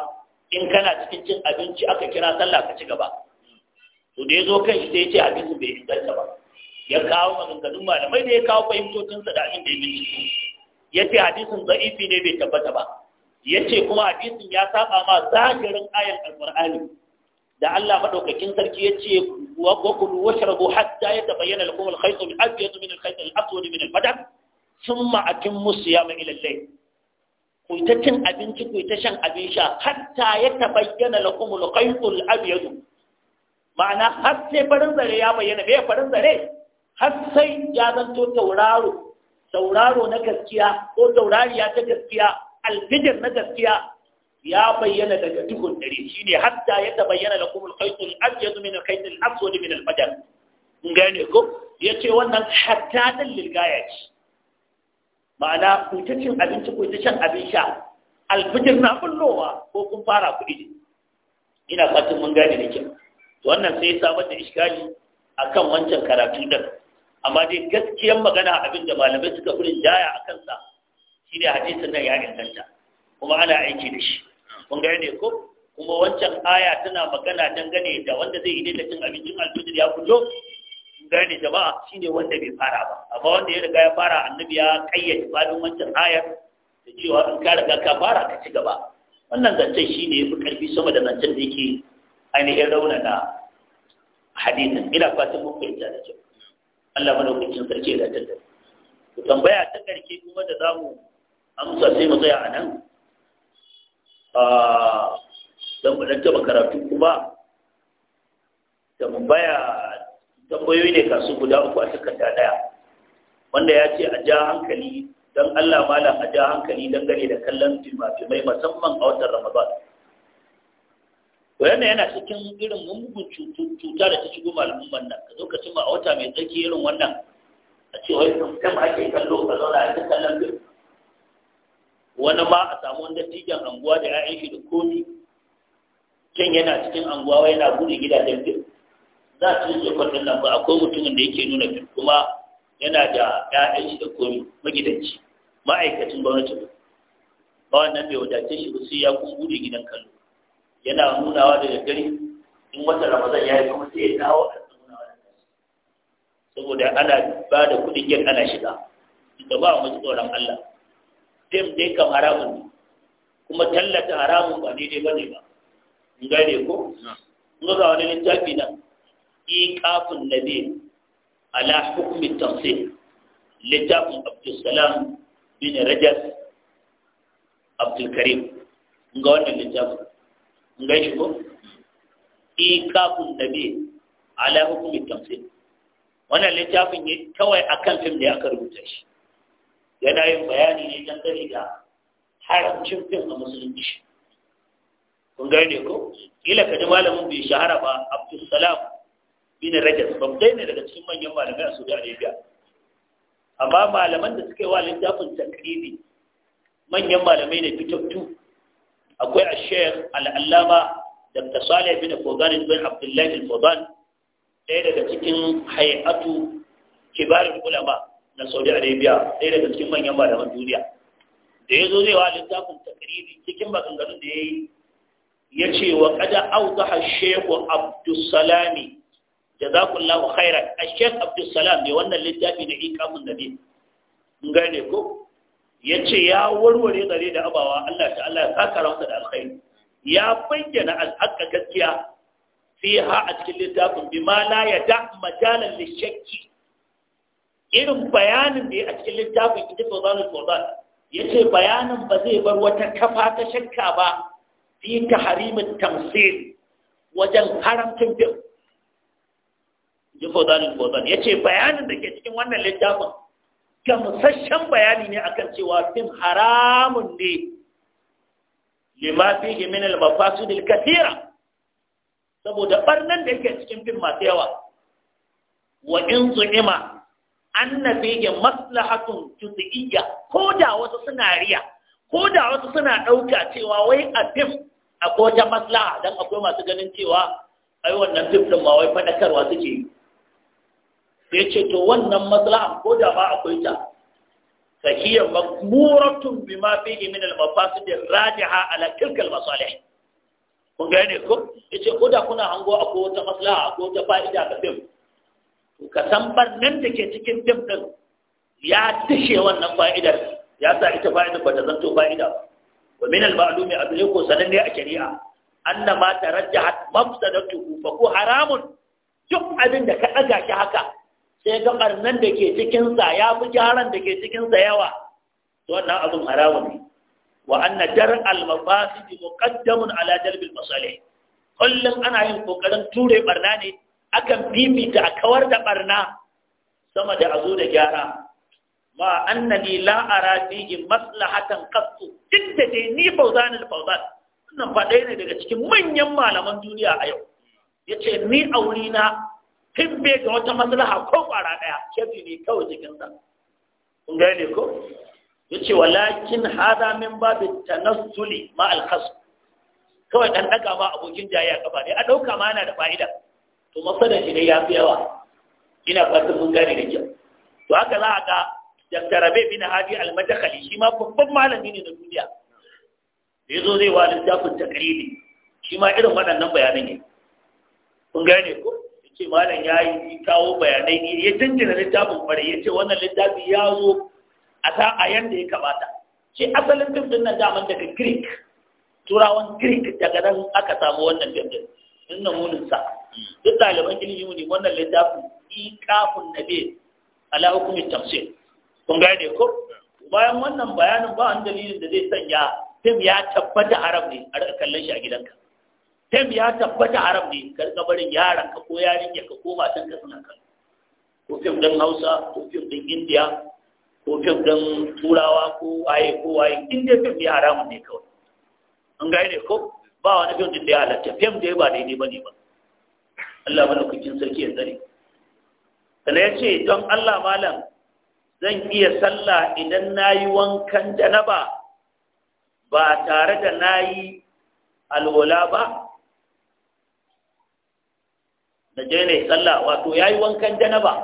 Speaker 1: in kana cikin cin abinci aka kira sallah ka ci gaba to da ya zo kan shi sai ya ce hadisin bai inganta ba ya kawo maganganun malamai da ya kawo fahimtocinsa da abin da ya binciko ya ce hadisin za'ifi ne bai tabbata ba ya ce kuma hadisin ya saba ma zahirin ayan alqur'ani da Allah madaukakin sarki ya ce wa kulu washrabu hatta yatabayyana lakum al-khayt al-abyad min al-khayt al-aswad min al-badr thumma atimmu siyama ila al-layl ku ta cin abinci ku ta shan abin sha hatta yatabayyana lakum al-khayt al-abyad ma'ana har farin zare ya bayyana bai farin zare har ya zanto tauraro tauraro na gaskiya ko taurariya ta gaskiya alfijir na gaskiya ya bayyana daga duhun dare shine hatta ya bayyana lakum al-khayt al min al al-aswad min al-fajr ngane ko yace wannan hatta din lilgaya ce ma'ana ku ta cin abinci ku ta shan abin sha alfijir na bullowa ko kun fara kuɗi ina fatan mun gane da kyau wannan sai samar da iskali akan wancan karatu din amma dai gaskiyar magana abin da malamai suka fi jaya a kansa shi ne hadisin nan ya inganta kuma ana aiki da shi kun gane ne ko kuma wancan aya tana magana dangane da wanda zai yi da abincin alfijir ya fito gane jama'a shine wanda bai fara ba amma wanda ya riga ya fara annabi ya kayyade babin wancan Aya, da cewa in ka riga ka fara ka ci gaba wannan zancen shi ne ya fi karfi sama da zancen da yake ainihin raunana hadisin ina fatan mun fahimta da kyau Allah madaukakin sarki da tattar ku tambaya ta karke kuma da zamu amsa sai mu tsaya a nan don mu dan taba karatu kuma tambaya tambayoyi ne kasu guda uku a takarda daya wanda ya ce a ja hankali don Allah malam a ja hankali dangane da kallon fimafimai musamman a watan Ramadan wannan yana cikin irin mummugun cuta da ta shigo malamin nan ka zo ka cima a wata mai tsaki irin wannan a ce wai ma ake kallo ka zauna a cikin kallon wani ma a samu wanda dattijan anguwa da ya'yan shi da komi can yana cikin anguwa wai yana buɗe gidajen bin za a cikin jefar ɗin nan ba akwai mutumin da yake nuna bin kuma yana da ya'yan shi da komi magidanci ma'aikacin gwamnati ba wannan bai wadace shi ba sai ya kuma buɗe gidan kallo yana nunawa daga gari in wata ramadan ya yi kuma sai ya dawo a nunawa da saboda ana ba da kuɗin yin ana shiga da ba mu tsoron Allah fim dai kam haramun ne kuma tallata haramun ba ne ba ne ba in gane ko in ga wani littafi nan na nabi ala hukmi tafsir littafin salam bin rajas abdulkarim ga wannan littafin ngai shi ko ikafun nabi ala hukumin wana wannan littafin ne kawai akan fim da aka rubuta shi yana yin bayani ne dangane da haramcin fim a musulunci kun gane ko kila ka ji malamin bai shahara ba Abdul Salam bin ba dai ne daga cikin manyan malamai a saudi arabia amma malaman da suke wa littafin takribi manyan malamai ne fitattu akwai a sheikh al'allama dr salih bin kogarin bin abdullahi fodan ɗaya daga cikin hayatu kibarin ulama na saudi arabia ɗaya daga cikin manyan malaman duniya da ya zo zai wa littafin takariri cikin maganganun da ya yi ya ce wa kada auzaha shehu abdussalami jazakullahu khairan a sheikh abdussalam ne wannan littafi da ikamun da ne gane ko ya ce ya warware gare da abawa Allah ta Allah ya saka ransa da alkhairi ya bayyana al'aƙa gaskiya fi ha a cikin littafin bi ma la ya da majalan lishakki irin bayanin da ya a cikin littafin ita tozan tozan ya ce bayanin ba zai bar wata kafa ta shakka ba fi ta harimin tamsil wajen haramcin fim ji tozan tozan ya ce bayanin da ke cikin wannan littafin Gamsashen bayani ne akan cewa fim haramun ne lima fihi min al-mafasid saboda barnan da yake cikin fim masu yawa wa in zu'ima anna fihi maslahatun juz'iyya ko da wasu suna riya ko da wasu suna ɗauka cewa wai a fim akwai wata maslaha don akwai masu ganin cewa ai wannan fim ɗin ma wai faɗakarwa suke yi ya ce to wannan maslahan ko da ma akwai ta fahiyar makmuratun bi ma fi min al-mafasid rajiha ala tilka al-masalih kun ga ne ko yace ko da kuna hango akwai wata maslaha ko wata fa'ida ga fim to ka san nan da ke cikin fim din ya tishe wannan fa'idar ya sa ita fa'idar ba ta zanto fa'ida ba wa min al-ma'lumi abliko sananne a shari'a annama tarajjahat mafsadatuhu fa ku haramun duk abin da ka ɗaga shi haka sai ga ɓarnan da ke cikinsa ya fi gyaran da ke cikinsa yawa to wannan abin haramun ne wa anna dar al-mafasid muqaddamun ala jalb al-masalih kullum ana yin kokarin ture barna ne akan fifita a kawar da barna sama da azu da gyara ma annani la ara fihi maslahatan qattu duk da dai ni fawzan al-fawzan wannan fa ne daga cikin manyan malaman duniya a yau yace ni aurina in bai ga wata maslaha ko kwara daya kefi ne kawai jikinsa kun gane ko yace walakin hada min babu tanassuli ma al kawai dan daga ma abokin jayya kafa ne a dauka ma yana da fa'ida to masalan shi ne ya fi yawa ina fatan mun gane da kyau to haka za a ga Dr. Rabi bin Hadi al shi ma babban malami ne na duniya da zo zai wa littafin takriri shi ma irin waɗannan bayanan ne kun gane ko ce malam ya yi kawo bayanai ya jinjina littafin fare ya ce wannan littafi ya zo a sa a yadda ya kamata ce asalin fim din nan daman daga greek turawan greek daga nan aka samu wannan fim din din na sa, duk ɗaliban ilimi ne wannan littafin na nabi ala hukumin tafsir kun gane ko bayan wannan bayanin ba wani dalilin da zai sanya fim ya tabbata arab ne a kallon shi a gidanka tem ya tabbata a ne ka rika barin yaran ka ko yarin ka ko matan ka suna kan ko fim din Hausa ko fim din India ko fim din Turawa ko waye ko waye in dai fim ya haramun ne kawai an ne ko ba wani fim din da ya halatta fim dai ba daidai bane ba Allah malaukakin sarki ya tsare sannan ya ce don Allah malam zan iya sallah idan na yi wankan da na ba, ba tare da na yi alwala ba da je ne sallah wato ya yi wankan janaba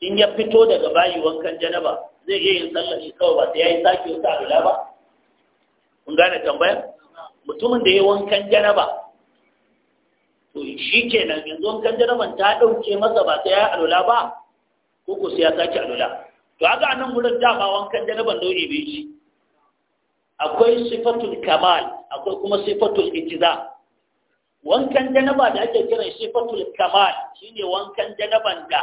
Speaker 1: in ya fito daga bayi wankan janaba zai iya yin sallah shi kawai ba sai ya yi sake wuta a ba kun gane tambayar mutumin da ya yi wankan janaba to shi kenan yanzu wankan janaban ta ɗauke masa ba sai ya yi alula ba ko ko sai ya sake alula to haka a nan wurin dama wankan janaban nau'i biyu shi akwai sifatul kamal akwai kuma sifatul ikiza wankan janaba da ake kira shi fatul kamal shine wankan janaban da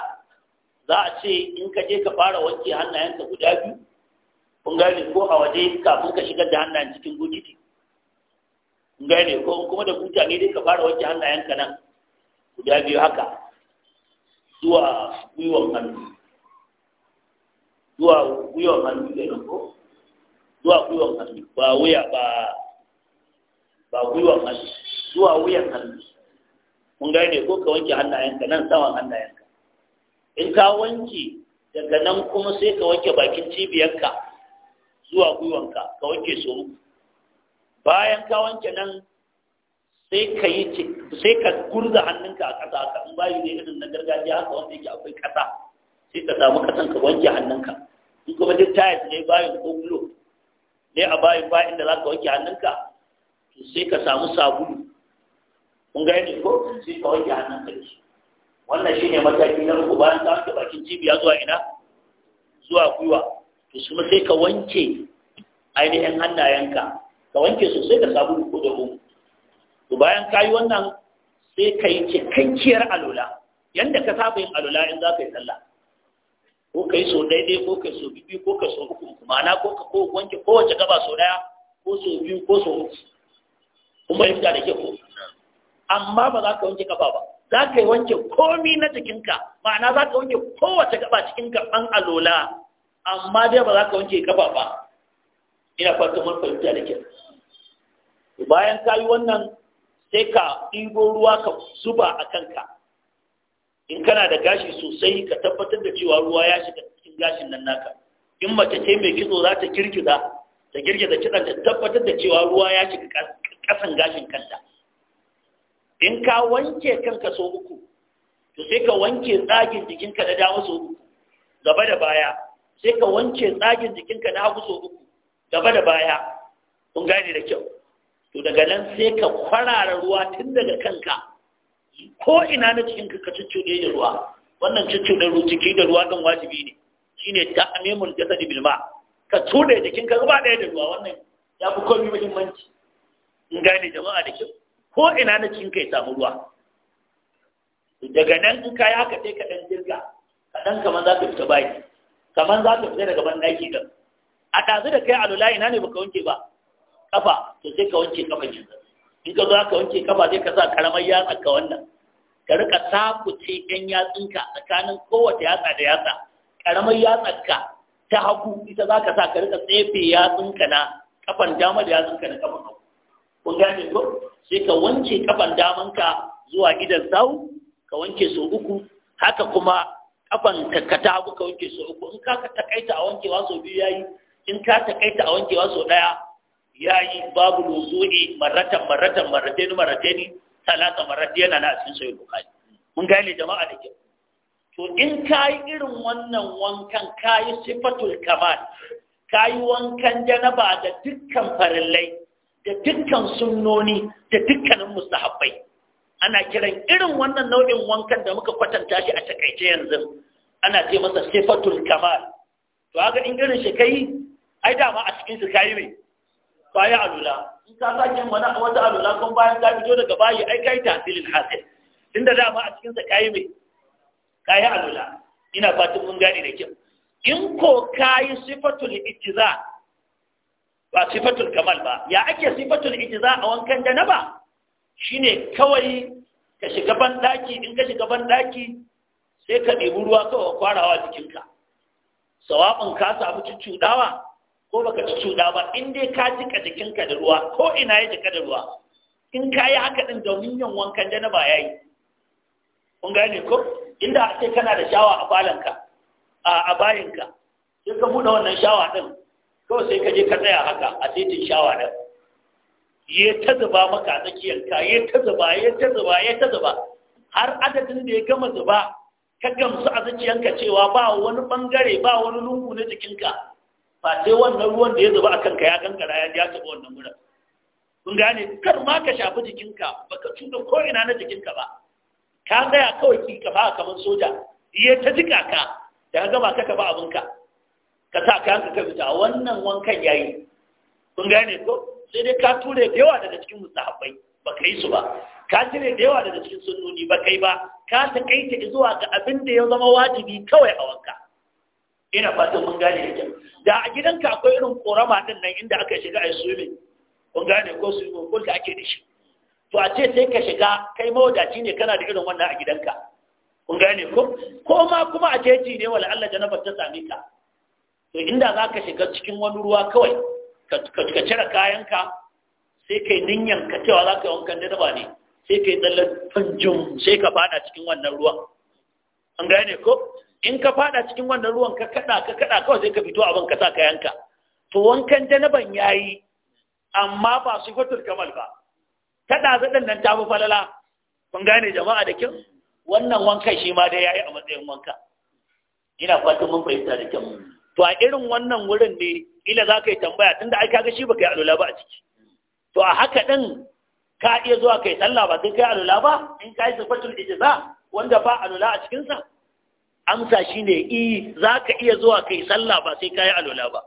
Speaker 1: za a ce in ka je ka fara wanke hannayenka guda biyu kun gane ko a waje kafin ka shigar da hannayen cikin bukiti kun gane ko kuma da buta ne dai ka fara wanke hannayenka nan guda biyu haka zuwa gwiwon hannu zuwa gwiwon hannu kenan ko zuwa gwiwon hannu ba wuya ba ba gwiwon hannu zuwa wuyan hannu mun gane ko ka wanke hannayenka nan saman hannayenka in ka wanke daga nan kuma sai ka wanke bakin cibiyarka zuwa gwiwanka ka wanke su bayan ka wanke nan sai ka yi sai ka gurza hannunka a ƙasa haka in bayu ne irin na gargajiya haka wanda yake akwai ƙasa sai ka samu ƙasan ka wanke hannunka in kuma duk tayas ne bayin ko bulo ne a bayin bayan da za ka wanke hannunka to sai ka samu sabulu kun gane ko sai ka wanke hannun ka ci wannan shine mataki na uku bayan ka wanke bakin cibiya zuwa ina zuwa gwiwa to kuma sai ka wanke ainihin hannayenka ka wanke sosai da sabulu ko da omo to bayan ka yi wannan sai ka yi cikakkiyar alola yadda ka saba yin alola in za ka yi sallah ko ka yi sau daidai ko ka yi so bibi ko ka so uku ma'ana ko ka ko wanke kowace gaba so daya ko so biyu ko so uku kuma yin da ke ko amma ba za ka wanke kafa ba za ka yi wanke komi na jikinka ma'ana za ka wanke kowace gaba cikin karɓan alola amma dai ba za ka wanke kafa ba ina fata mun fahimta da kyau bayan ka yi wannan sai ka ɗibo ruwa ka zuba a kanka in kana da gashi sosai ka tabbatar da cewa ruwa ya shiga cikin gashin nan naka in mace ce mai kitso za ta girgiza ta girgiza kitsan ta tabbatar da cewa ruwa ya shiga ƙasan gashin kanta in ka wanke kanka so uku to sai ka wanke tsagin jikinka na dama so uku gaba da baya sai ka wanke tsagin jikinka na hagu so uku gaba da baya kun gane da kyau to daga nan sai ka kwarara ruwa tun daga kanka ko ina na cikinka ka cuccuɗe da ruwa wannan cuccuɗe ciki da ruwa ɗin wajibi ne shine ta amemul jasadi bil ma ka tsure jikinka gaba ɗaya da ruwa wannan ya fi komai muhimmanci in gane jama'a da kyau ko ina na cikin kai samu ruwa daga nan in ka ya haka ka ɗan jirga kaɗan kamar za ka fita baki kamar za ka fita daga ban ɗaki ɗin a ɗazu da kai lula ina ne baka wanke ba kafa to sai ka wanke kafa yanzu in ka zo ka wanke kafa sai ka sa karamar yatsa ka wannan ka rika takuce ɗan yatsunka tsakanin kowace yatsa da yatsa karamar ka ta hagu ita za ka sa ka rika tsefe yatsunka na kafan dama da yatsunka na kafan hagu kun gane ko sai ka wanke kafan damanka zuwa gidan sau ka wanke su uku haka kuma kafan ka ka tagu ka wanke su uku in ka ka takaita a wankewa sau biyu yayi in ka takaita a wankewa sau daya yayi babu luzu'i marratan marratan marrataini marrataini talata marata yana na cikin sai bukhari mun gane jama'a da kyau to in kai irin wannan wankan kai sifatul kamal kai wankan janaba da dukkan farillai da dukkan sunnoni da dukkanin mustahabbai ana kiran irin wannan nau'in wankan da muka kwatanta shi a takaice yanzu ana ce masa sifatul kamal to haka in irin shi kai ai dama a cikin su kai mai baya alula in ka sake mana wata alula kun bayan ka fito daga bayi ai kai tahsilin hasil tunda dama a cikin sa kai ne kai alula ina fatan mun gane da kyau in ko kai sifatul ittiza ba sifatul kamal ba ya ake sifatul ijza a wankan ba shine kawai ka shiga ban daki in ka shiga ban daki sai ka ɗebi ruwa kawai kwarawa jikinka sawabin ka samu cucudawa ko baka cucuda ba in dai ka jika jikinka da ruwa ko ina ya jika da ruwa in ka yi haka ɗin domin yin wankan na ya yi kun gane ko inda ake kana da shawa a balanka a bayinka sai ka buɗe wannan shawa ɗin kawai sai ka je ka tsaya haka a titin shawa da ya ta zuba maka a tsakiyarka ya ta zuba ya ta zuba ya ta zuba har adadin da ya gama zuba ka gamsu a ka cewa ba wani bangare ba wani lungu na jikinka ba sai wannan ruwan da ya zuba a kanka ya gangara ya ya taɓa wannan wurin kun gane kar ma ka shafi jikinka ba ka cuta ko ina na jikinka ba ka tsaya kawai ki ka ba kamar soja ya ta jika ka da ka gama ka ka ba abinka ka sa ka yanka ka fita wannan wankan yayi kun gane ko sai dai ka ture da yawa daga cikin musahabai ba ka yi su ba ka cire da yawa daga cikin sunnoni ba kai ba ka taƙaita zuwa ga abin da ya zama wajibi kawai a wanka ina fatan mun gane da da a gidanka akwai irin korama din nan inda aka shiga a yi kun gane ko su yi pool da ake da shi to a ce sai ka shiga kai mawadaci ne kana da irin wannan a gidanka kun gane ko ko ma kuma a jeji ne wala Allah janabar ta same ka to inda za ka shiga cikin wani ruwa kawai ka cire kayanka sai kai ninyan ka cewa za ka yi wankan da ba ne sai kai tsallar fanjin sai ka fada cikin wannan ruwan an gane ko in ka fada cikin wannan ruwan ka kada ka kada kawai sai ka fito abin ka sa kayanka to wankan janaban yayi amma ba su fatul kamal ba kada zadan nan ta falala kun gane jama'a da kyau wannan wankan shi ma dai yayi a matsayin wanka ina fatan mun fahimta da kyau to a irin wannan wurin ne ila za ka yi tambaya tunda ai ga shi ba baka yi alula ba a ciki to a haka ɗin ka iya zuwa kai sallah ba sai ka yi alula ba in ka kai sifatul ijza wanda ba alula a cikinsa? Amsa shi ne i za ka iya zuwa kai sallah ba sai ka yi alula ba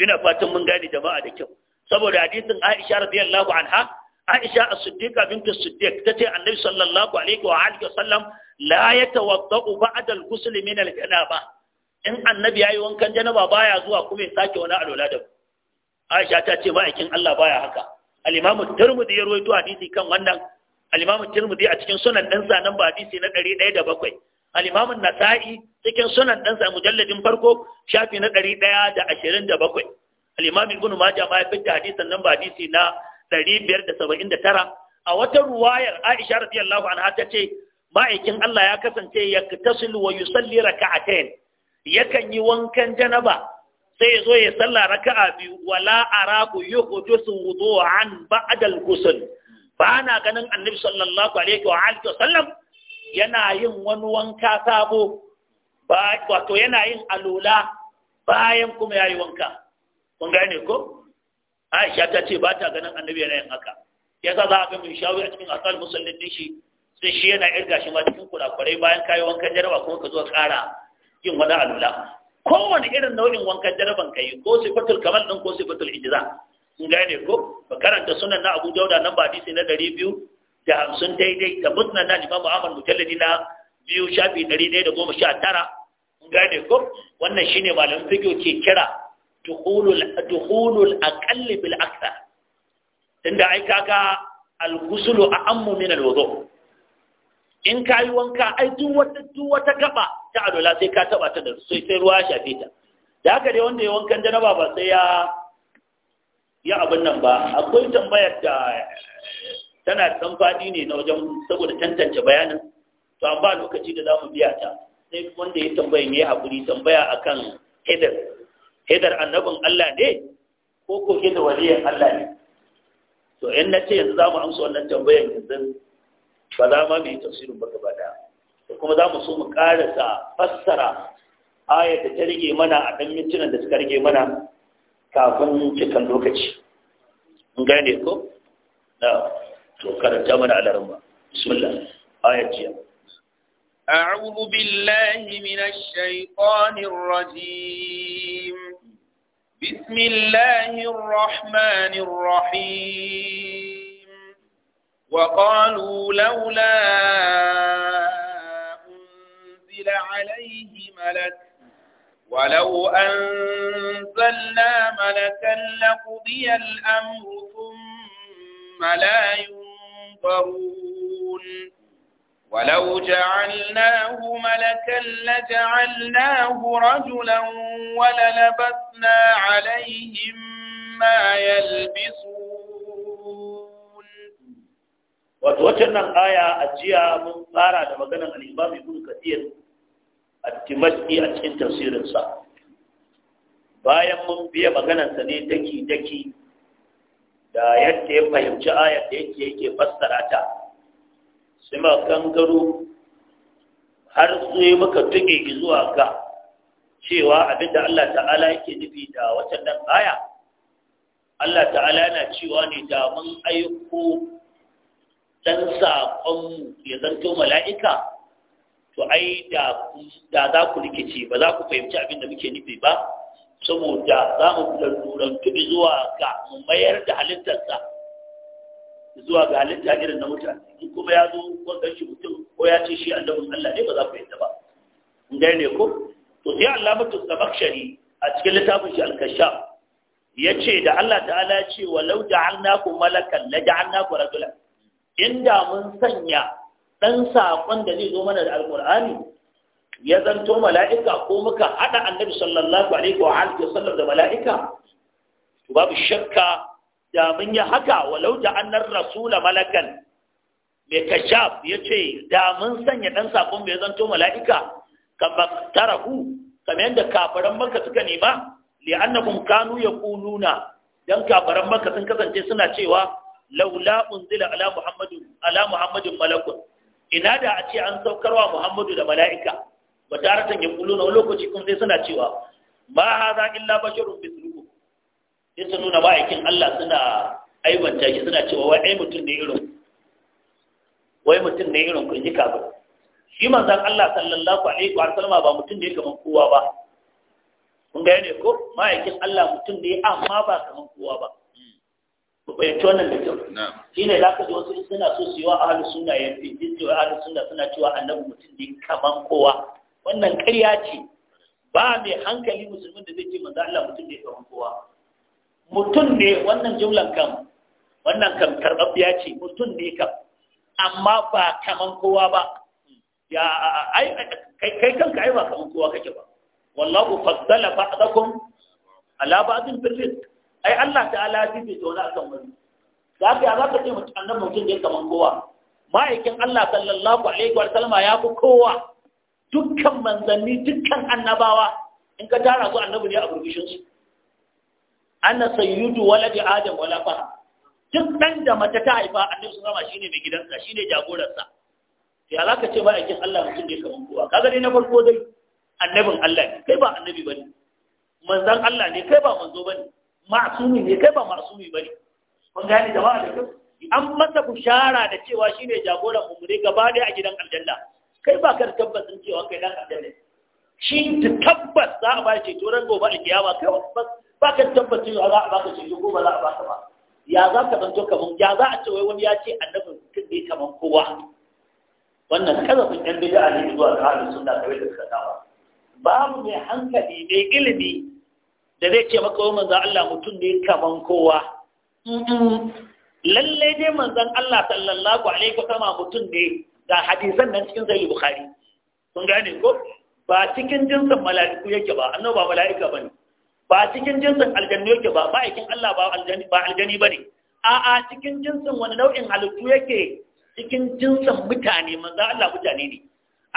Speaker 1: ina fatan mun gane jama'a da kyau saboda hadisin Aisha radiyallahu anha Aisha as-Siddiqa bintu Siddiq tace Annabi sallallahu alaihi wa alihi sallam la yatawaddau ba'da al-ghusl min al-janaba in annabi ya yi wankan janaba baya zuwa kuma ya sake wani alola da Aisha ta ce ma'aikin Allah baya haka al-Imam Tirmidhi ya rawaito hadisi kan wannan al-Imam Tirmidhi a cikin sunan ɗinsa nan ba hadisi na 107 al-Imam Nasa'i cikin sunan ɗinsa mujalladin farko shafi na 127 al-Imam Ibn Majah ma ya fitta hadisin nan ba hadisi na 579 a wata ruwayar Aisha radiyallahu anha ta ce ma'aikin Allah ya kasance ya tasilu wa yusalli raka'atayn yakan yi wankan janaba sai ya zo ya salla raka'a biyu wala arabu yuhdisu wudu'an ba'da al-ghusl ba na ganin annabi sallallahu alaihi wa alihi wasallam yana yin wani wanka sabo ba wato yana yin alula bayan kuma yayi wanka kun gane ko Aisha ta ce ba ta ganin annabi yana yin haka yasa za a ga mun shawo a cikin asal musallin shi sai shi yana irga shi ma cikin kurakurai bayan kayi wankan jaraba kuma ka zo ƙara yin wani alula kowane irin nau'in wankan jaraban yi ko sifatul kamal din ko sifatul ijza in gane ko ba karanta sunan na Abu Dauda nan ba hadisi na 200 da hamsin daidai da musnad na Imam Ahmad mujalladi na biyu shafi 119 in gane ko wannan shine malamin fiqh ke kira dukhulul dukhulul aqall bil akthar tunda ai kaga al-ghuslu a'ammu min al-wudu in ka yi wanka ai duk wata duk wata gaba ta adola, sai ka taba ta da sai sai ruwa shafe ta da haka dai wanda ya wankan janaba ba sai ya ya abin nan ba akwai tambayar da tana san fadi ne na wajen saboda tantance bayanin to an ba lokaci da zamu biya ta sai wanda ya tambaya yi hakuri tambaya akan hidar. Hidar annabin Allah ne ko ko hedar waliyin Allah ne to in nace yanzu zamu amsa wannan tambayar yanzu ba za ma mu yi tafsirin ba gaba daya da kuma za mu so mu karasa fassara ayar da ta rage mana a ɗan mintunan da suka rage mana kafin cikin lokaci in gane ko na to karanta mana alarin ba bismillah ayar jiya أعوذ بالله من الشيطان الرجيم بسم الله الرحمن الرحيم وقالوا لولا أنزل عليه ملك ولو أنزلنا ملكا لقضي الأمر ثم لا ينظرون ولو جعلناه ملكا لجعلناه رجلا وللبسنا عليهم ما يلبسون wato waccan nan aya a jiya mun fara da maganar al-imam ibn kathir at a cikin tafsirin sa bayan mun biya maganar sa ne daki daki da yadda ya fahimci ayar da yake yake fassara ta sai ma gangaro har sai muka tuke zuwa ga cewa abinda Allah ta'ala yake nufi da waccan nan aya Allah ta'ala yana cewa ne da mun aiko dan saƙonmu ya zanto mala'ika to ai da za ku rikice ba za ku fahimci abin da muke nufi ba saboda za mu lalurantu zuwa ga mu mayar da halittarsa zuwa ga halitta irin na mutane in kuma ya zo wanda shi mutum ko ya ce shi annabin Allah ne ba za ku yadda ba in dai ne ko to sai Allah mutum bakshari a cikin littafin shi al-kashaf yace da Allah ta'ala ya ce walau ja'alnakum malakan la rajulan inda mun sanya ɗan saƙon da zai zo mana da alƙur'ani ya zanto mala'ika ko muka haɗa annabi sallallahu alaihi wa alihi sallam da mala'ika babu shakka da mun yi haka walau da annar rasula malakan mai kashaf ya ce da mun sanya ɗan saƙon mai zanto mala'ika kamar tarahu kamar yadda kafaran maka suka nema li'annakum kanu yaquluna don kafaran maka sun kasance suna cewa laula unzila ala muhammadin ala muhammadin malakun ina da a ce an saukarwa muhammadu da mala'ika ba taratan yin kuluna wani lokaci kuma sai suna cewa ba haza illa basharun mislukum sai su nuna ma'aikin Allah suna aibanta shi suna cewa wai ai mutum ne irin wai mutum ne irin kun jika kafin shi manzon Allah sallallahu alaihi wa sallama ba mutum ne kaman kowa ba kun ga ne ko ma'aikin Allah mutum ne amma ba kaman kowa ba ku fahimci wannan da kyau shi ne za ka ji wasu suna so su yi wa ahalu suna ya fi jin cewa ahalu suna suna cewa annabi mutum ne kaman kowa wannan ƙarya ce ba mai hankali musulmin da zai ce manzo Allah mutum ne kaman kowa mutum ne wannan jumlan kan wannan kan karɓaɓɓiya ce mutum ne kan amma ba kaman kowa ba ya ai kai kanka ai ba kaman kowa kake ba wallahu faddala ba'dakum ala ba'din bir rizq ai Allah ta'ala ya fice wani kan wani da haka za ka ce annabi mutum ya kaman kowa ma'aikin Allah sallallahu alaihi wa sallama ya fi kowa dukkan manzanni dukkan annabawa in ka tara su annabi ne a burgishin su anna sayyidu waladi adam wala fa duk dan da mata ta haifa annabi sun rama shine mai gidansa shine jagoransa sai za ka ce ma'aikin Allah mutum ya kaman kowa kaga dai na farko dai annabin Allah kai ba annabi bane manzan Allah ne kai ba manzo bane ma'asumi ne kai ba ma'asumi ba ne kun gani da ba an masa bushara da cewa shi ne jagoran umuri gaba ɗaya a gidan aljanna kai ba ka tabbatin cewa kai dan aljanna shi ta tabbas za a ba shi ceto ran gobe da kiyama kai ba ka tabbatin cewa za a ba ka ceto gobe ba za a ba ka ba ya za ka zanto kaman ya za a ce wai wani ya ce annabin mutum ne kaman kowa wannan kazafin yan bid'a ne zuwa ga ahlus sunna kawai da suka ba babu mai hankali mai ilimi da zai ce maka manzo Allah mutum ya kaman kowa Lallai dai manzan Allah sallallahu alaihi wa sama mutum ne ga hadisan nan cikin sahih bukhari kun gane ko ba cikin jinsin mala'iku yake ba annabi ba mala'ika ne? ba cikin jinsin aljannu yake ba ba aikin Allah ba aljani ba aljani a'a cikin jinsin wani nau'in halittu yake cikin jinsin mutane manzan Allah mutane ne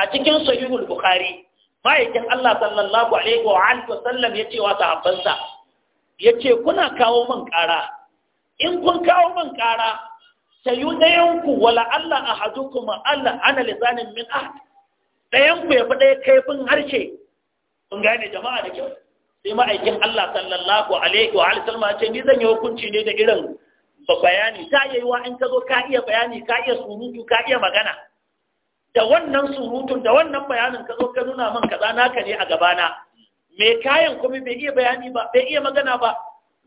Speaker 1: a cikin sahihul bukhari ma'aikin Allah sallallahu alaihi wa sallam ya ce wa sahabbansa ya ce kuna kawo min ƙara in kun kawo min ƙara sayu ɗayanku wala Allah a hajji kuma Allah ana lisanin min a ɗayanku ya fi ɗaya kaifin harshe kun gane jama'a da kyau sai ma'aikin Allah sallallahu alaihi wa sallam ya ce ni zan yi hukunci ne da irin bayani ta yi wa in ka zo ka iya bayani ka iya surutu ka iya magana da wannan surutun da wannan bayanin ka zo ka nuna man kaza naka ne a gabana me kayan kuma bai iya bayani ba bai iya magana ba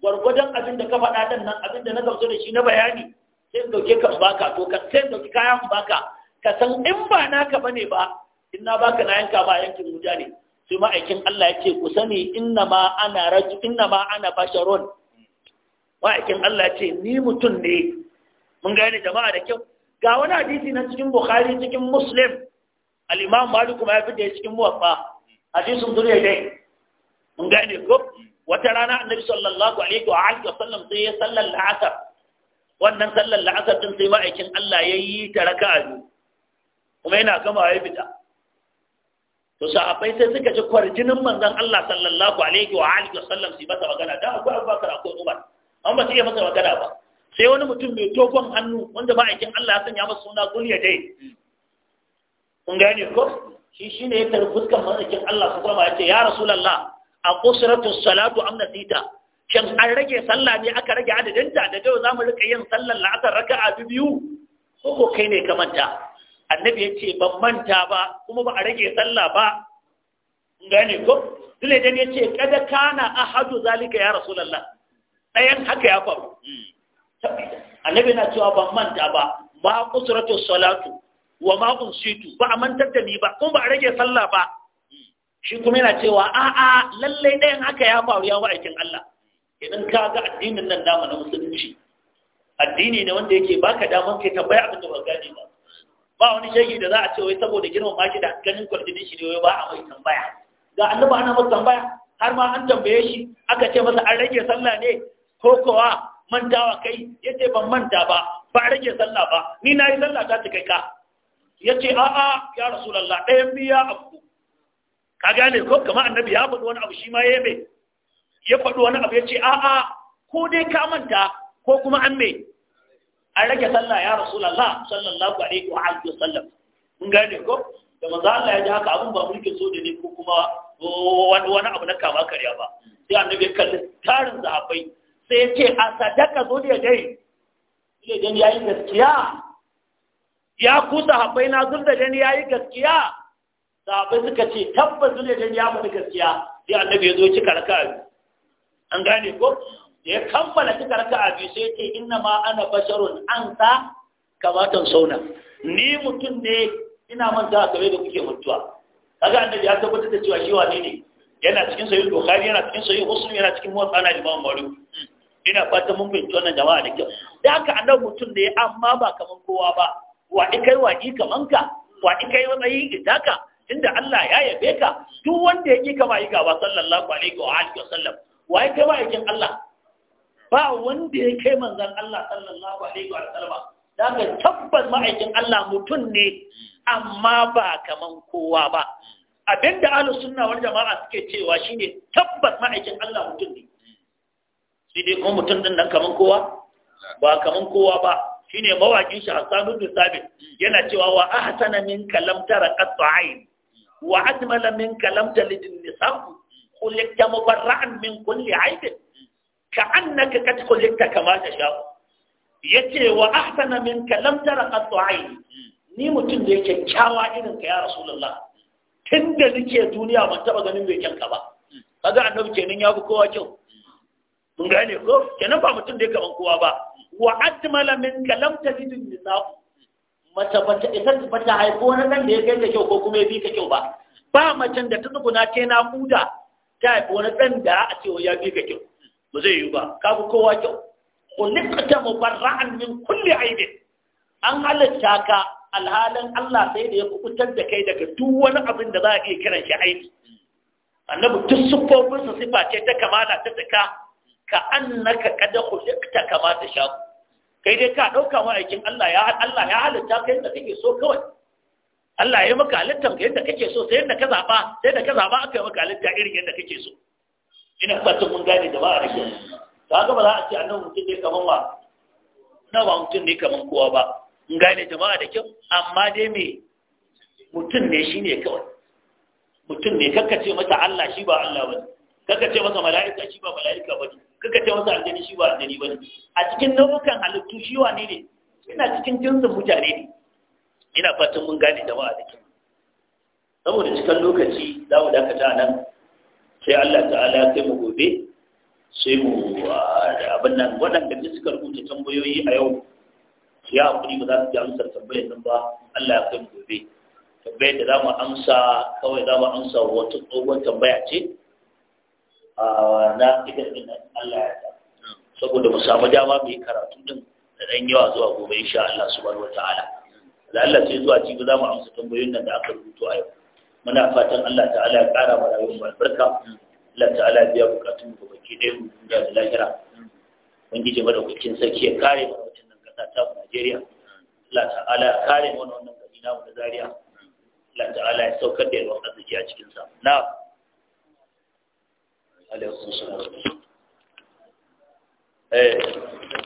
Speaker 1: gwargwadon abin da ka faɗa ɗan nan abin da na gamsu da shi na bayani sai in dauke ka baka to ka sai in dauki kayan baka ka san in ba naka bane ba in na baka na yanka ba yankin wuta ne sai ma'aikin Allah ya ce ku sani inna ma ana raju inna ma ana ma'aikin Allah ya ni mutum ne mun gane jama'a da kyau ga wani hadisi na cikin bukhari cikin muslim Alimam, imam kuma ya fita cikin muwaffa hadisin duniya dai mun gane ko wata rana annabi sallallahu alaihi wa alihi wasallam sai ya sallar la'asar wannan sallar la'asar din sai ma'aikin Allah ya yi ta raka a biyu kuma yana gama ya fita to sahabbai sai suka ji kwarjinin manzon Allah sallallahu alaihi wa alihi wasallam sai masa magana da akwai Abubakar ko Umar an ba su iya masa magana ba sai wani mutum mai dogon hannu wanda ba a ma'aikin Allah ya sanya masa suna zuliya dai kun gane ko shi shine ya tarbi fuskan ma'aikin Allah su kuma ya ya rasulullah a qusratu salatu am nasita shin an rage sallah ne aka rage adadin ta? da yau zamu rika yin sallar la'asar raka'a biyu ko kai ne ka manta annabi ya ban manta ba kuma ba a rage sallah ba gane ko dole dan ya ce kada kana ahadu zalika ya rasulullah ɗayan haka ya faru hmm. annabi na cewa ban manta ba ma kusuratu salatu wa ma unsitu ba a mantar da ni ba "Kun ba a rage sallah ba shi kuma yana cewa a a lalle ɗayan haka ya faru ya aikin Allah idan ka ga addinin nan dama na musulunci addini ne wanda yake baka daman kai tambaya abin da ba gane ba ba wani shege da za a ce wai saboda girman maki da ganin kwarjinin shi ne wai ba a mai tambaya ga annabi ana masa tambaya har ma an tambaye shi aka ce masa an rage sallah ne ko kowa mantawa kai yace ban manta ba ba rage sallah ba ni na yi sallah ta kai ka yace a'a ya rasulullah ɗayan biya abu ka gane ko kama annabi ya faɗi wani abu shi ma ya ya faɗi wani abu yace a'a ko dai ka manta ko kuma an me an rage sallah ya rasulullah sallallahu alaihi wa alihi wasallam mun gane ko da manzo Allah ya ji haka abun ba mulkin so da ne ko kuma wani abu na kama karya ba sai annabi sai ya ce a sadaka zo da dai ya gani ya yi gaskiya ya kusa haɓai na zurda da gani ya yi gaskiya sahabai suka ce tabbas zurda da gani ya mutu gaskiya ya annabi ya zo cika abi an gane ko da ya kammala cika raka'a abi sai ce inna ma ana basharun an sa kamatan sauna ni mutum ne ina manta kamar da kuke mutuwa kaga annabi ya tabbatar da cewa shi wane ne yana cikin sahih bukhari yana cikin sahih muslim yana cikin muwatta na imam malik ina fata mun fahimci wannan jama'a da kyau da haka annabi mutum ne amma ba kaman kowa ba wa ikai wa yi kaman ka wa ikai matsayi idaka tunda Allah ya yabe ka duk wanda ya ka kama yi gaba sallallahu alaihi wa alihi sallam wa ya kai ma'aikin Allah ba wanda ya kai manzon Allah sallallahu alaihi wa sallam da ka tabbas ma'aikin Allah mutum ne amma ba kaman kowa ba
Speaker 2: abinda ahlus sunna wal
Speaker 1: jama'a suke cewa shine tabbas ma'aikin Allah mutum ne shi dai kuma mutum din nan kaman kowa ba kaman kowa ba shine mawakin shi Hassan bin Sabit yana cewa wa ahsana min kalam tara qattu ayn wa ajmala min kalam talid nisam khuliqta mubarra'an min kulli aib ka annaka kad khuliqta kama tasha yace wa ahsana min kalam tara qattu ni mutum da yake kyawa irin ka ya rasulullah tunda nake duniya ban taba ganin bai kyanka ba kaga annabi kenan ya fi kowa kyau mun gane ko kenan ba mutum da ya kaman kowa ba wa atmala min kalam tajidu nisa'u Mata bata ta bata haifo wani da ya kai ka kyau ko kuma ya bi ka kyau ba ba macen da ta tsuguna ce na kuda ta haifo wani dan da a ce ya bi ka kyau ba zai yi ba ka fi kowa kyau kulikta mubarra'an min kulli aibin an halatta ka alhalin Allah sai da ya kubutar da kai daga duk wani abin da za a iya kiran shi aibi annabi duk siffofinsa sifa ce ta kamala ta tsaka ka annaka kada khuliqta kama ta sha kai dai ka dauka wa aikin Allah ya Allah ya halitta kai da kake so kawai Allah ya maka halitta kai yadda kake so sai yadda ka zaba sai da ka zaba aka yi maka halitta irin yadda kake so ina fatan mun gane da ba a rike ga ba za a ce annabi mutum ne kaman wa na ba mutum ne kaman kowa ba mun gane jama'a da kyau amma dai me mutum ne shine kawai mutum ne kakkace mata Allah shi ba Allah bane kaka ce masa mala'ika shi ba mala'ika ba ne kaka ce masa aljani shi ba aljani ba ne a cikin nau'ukan halittu shi wa ne ne ina cikin jinsin mutane ne ina fatan mun gane jama'a da kyau saboda cikin lokaci za mu dakata nan sai Allah ta'ala sai mu gobe sai mu ah, abin nan waɗanda da suka rubuta tambayoyi a yau su ya hakuri ba za su ji amsar tambayar nan ba Allah ya kai mu gobe tambayar da za mu amsa kawai za mu amsa wata tsohon tambaya ce na idan din Allah ya ta saboda mu samu dama mai karatu din da dan yawa zuwa gobe insha Allah subhanahu ta'ala da Allah sai zuwa ci za mu amsa tambayoyin nan da aka rubuto a yau muna fatan Allah ta'ala ya kara mana yin albarka Allah ta'ala ya biya bukatun mu baki ɗaya mu da lahira ubangiji madaukakin sarki ya kare mana wajen nan kasa ta Najeriya Allah ta'ala ya kare mana wannan gari namu da Zaria Allah ta'ala ya saukar da yawan arziki a cikin sa na'am alaikum salam eh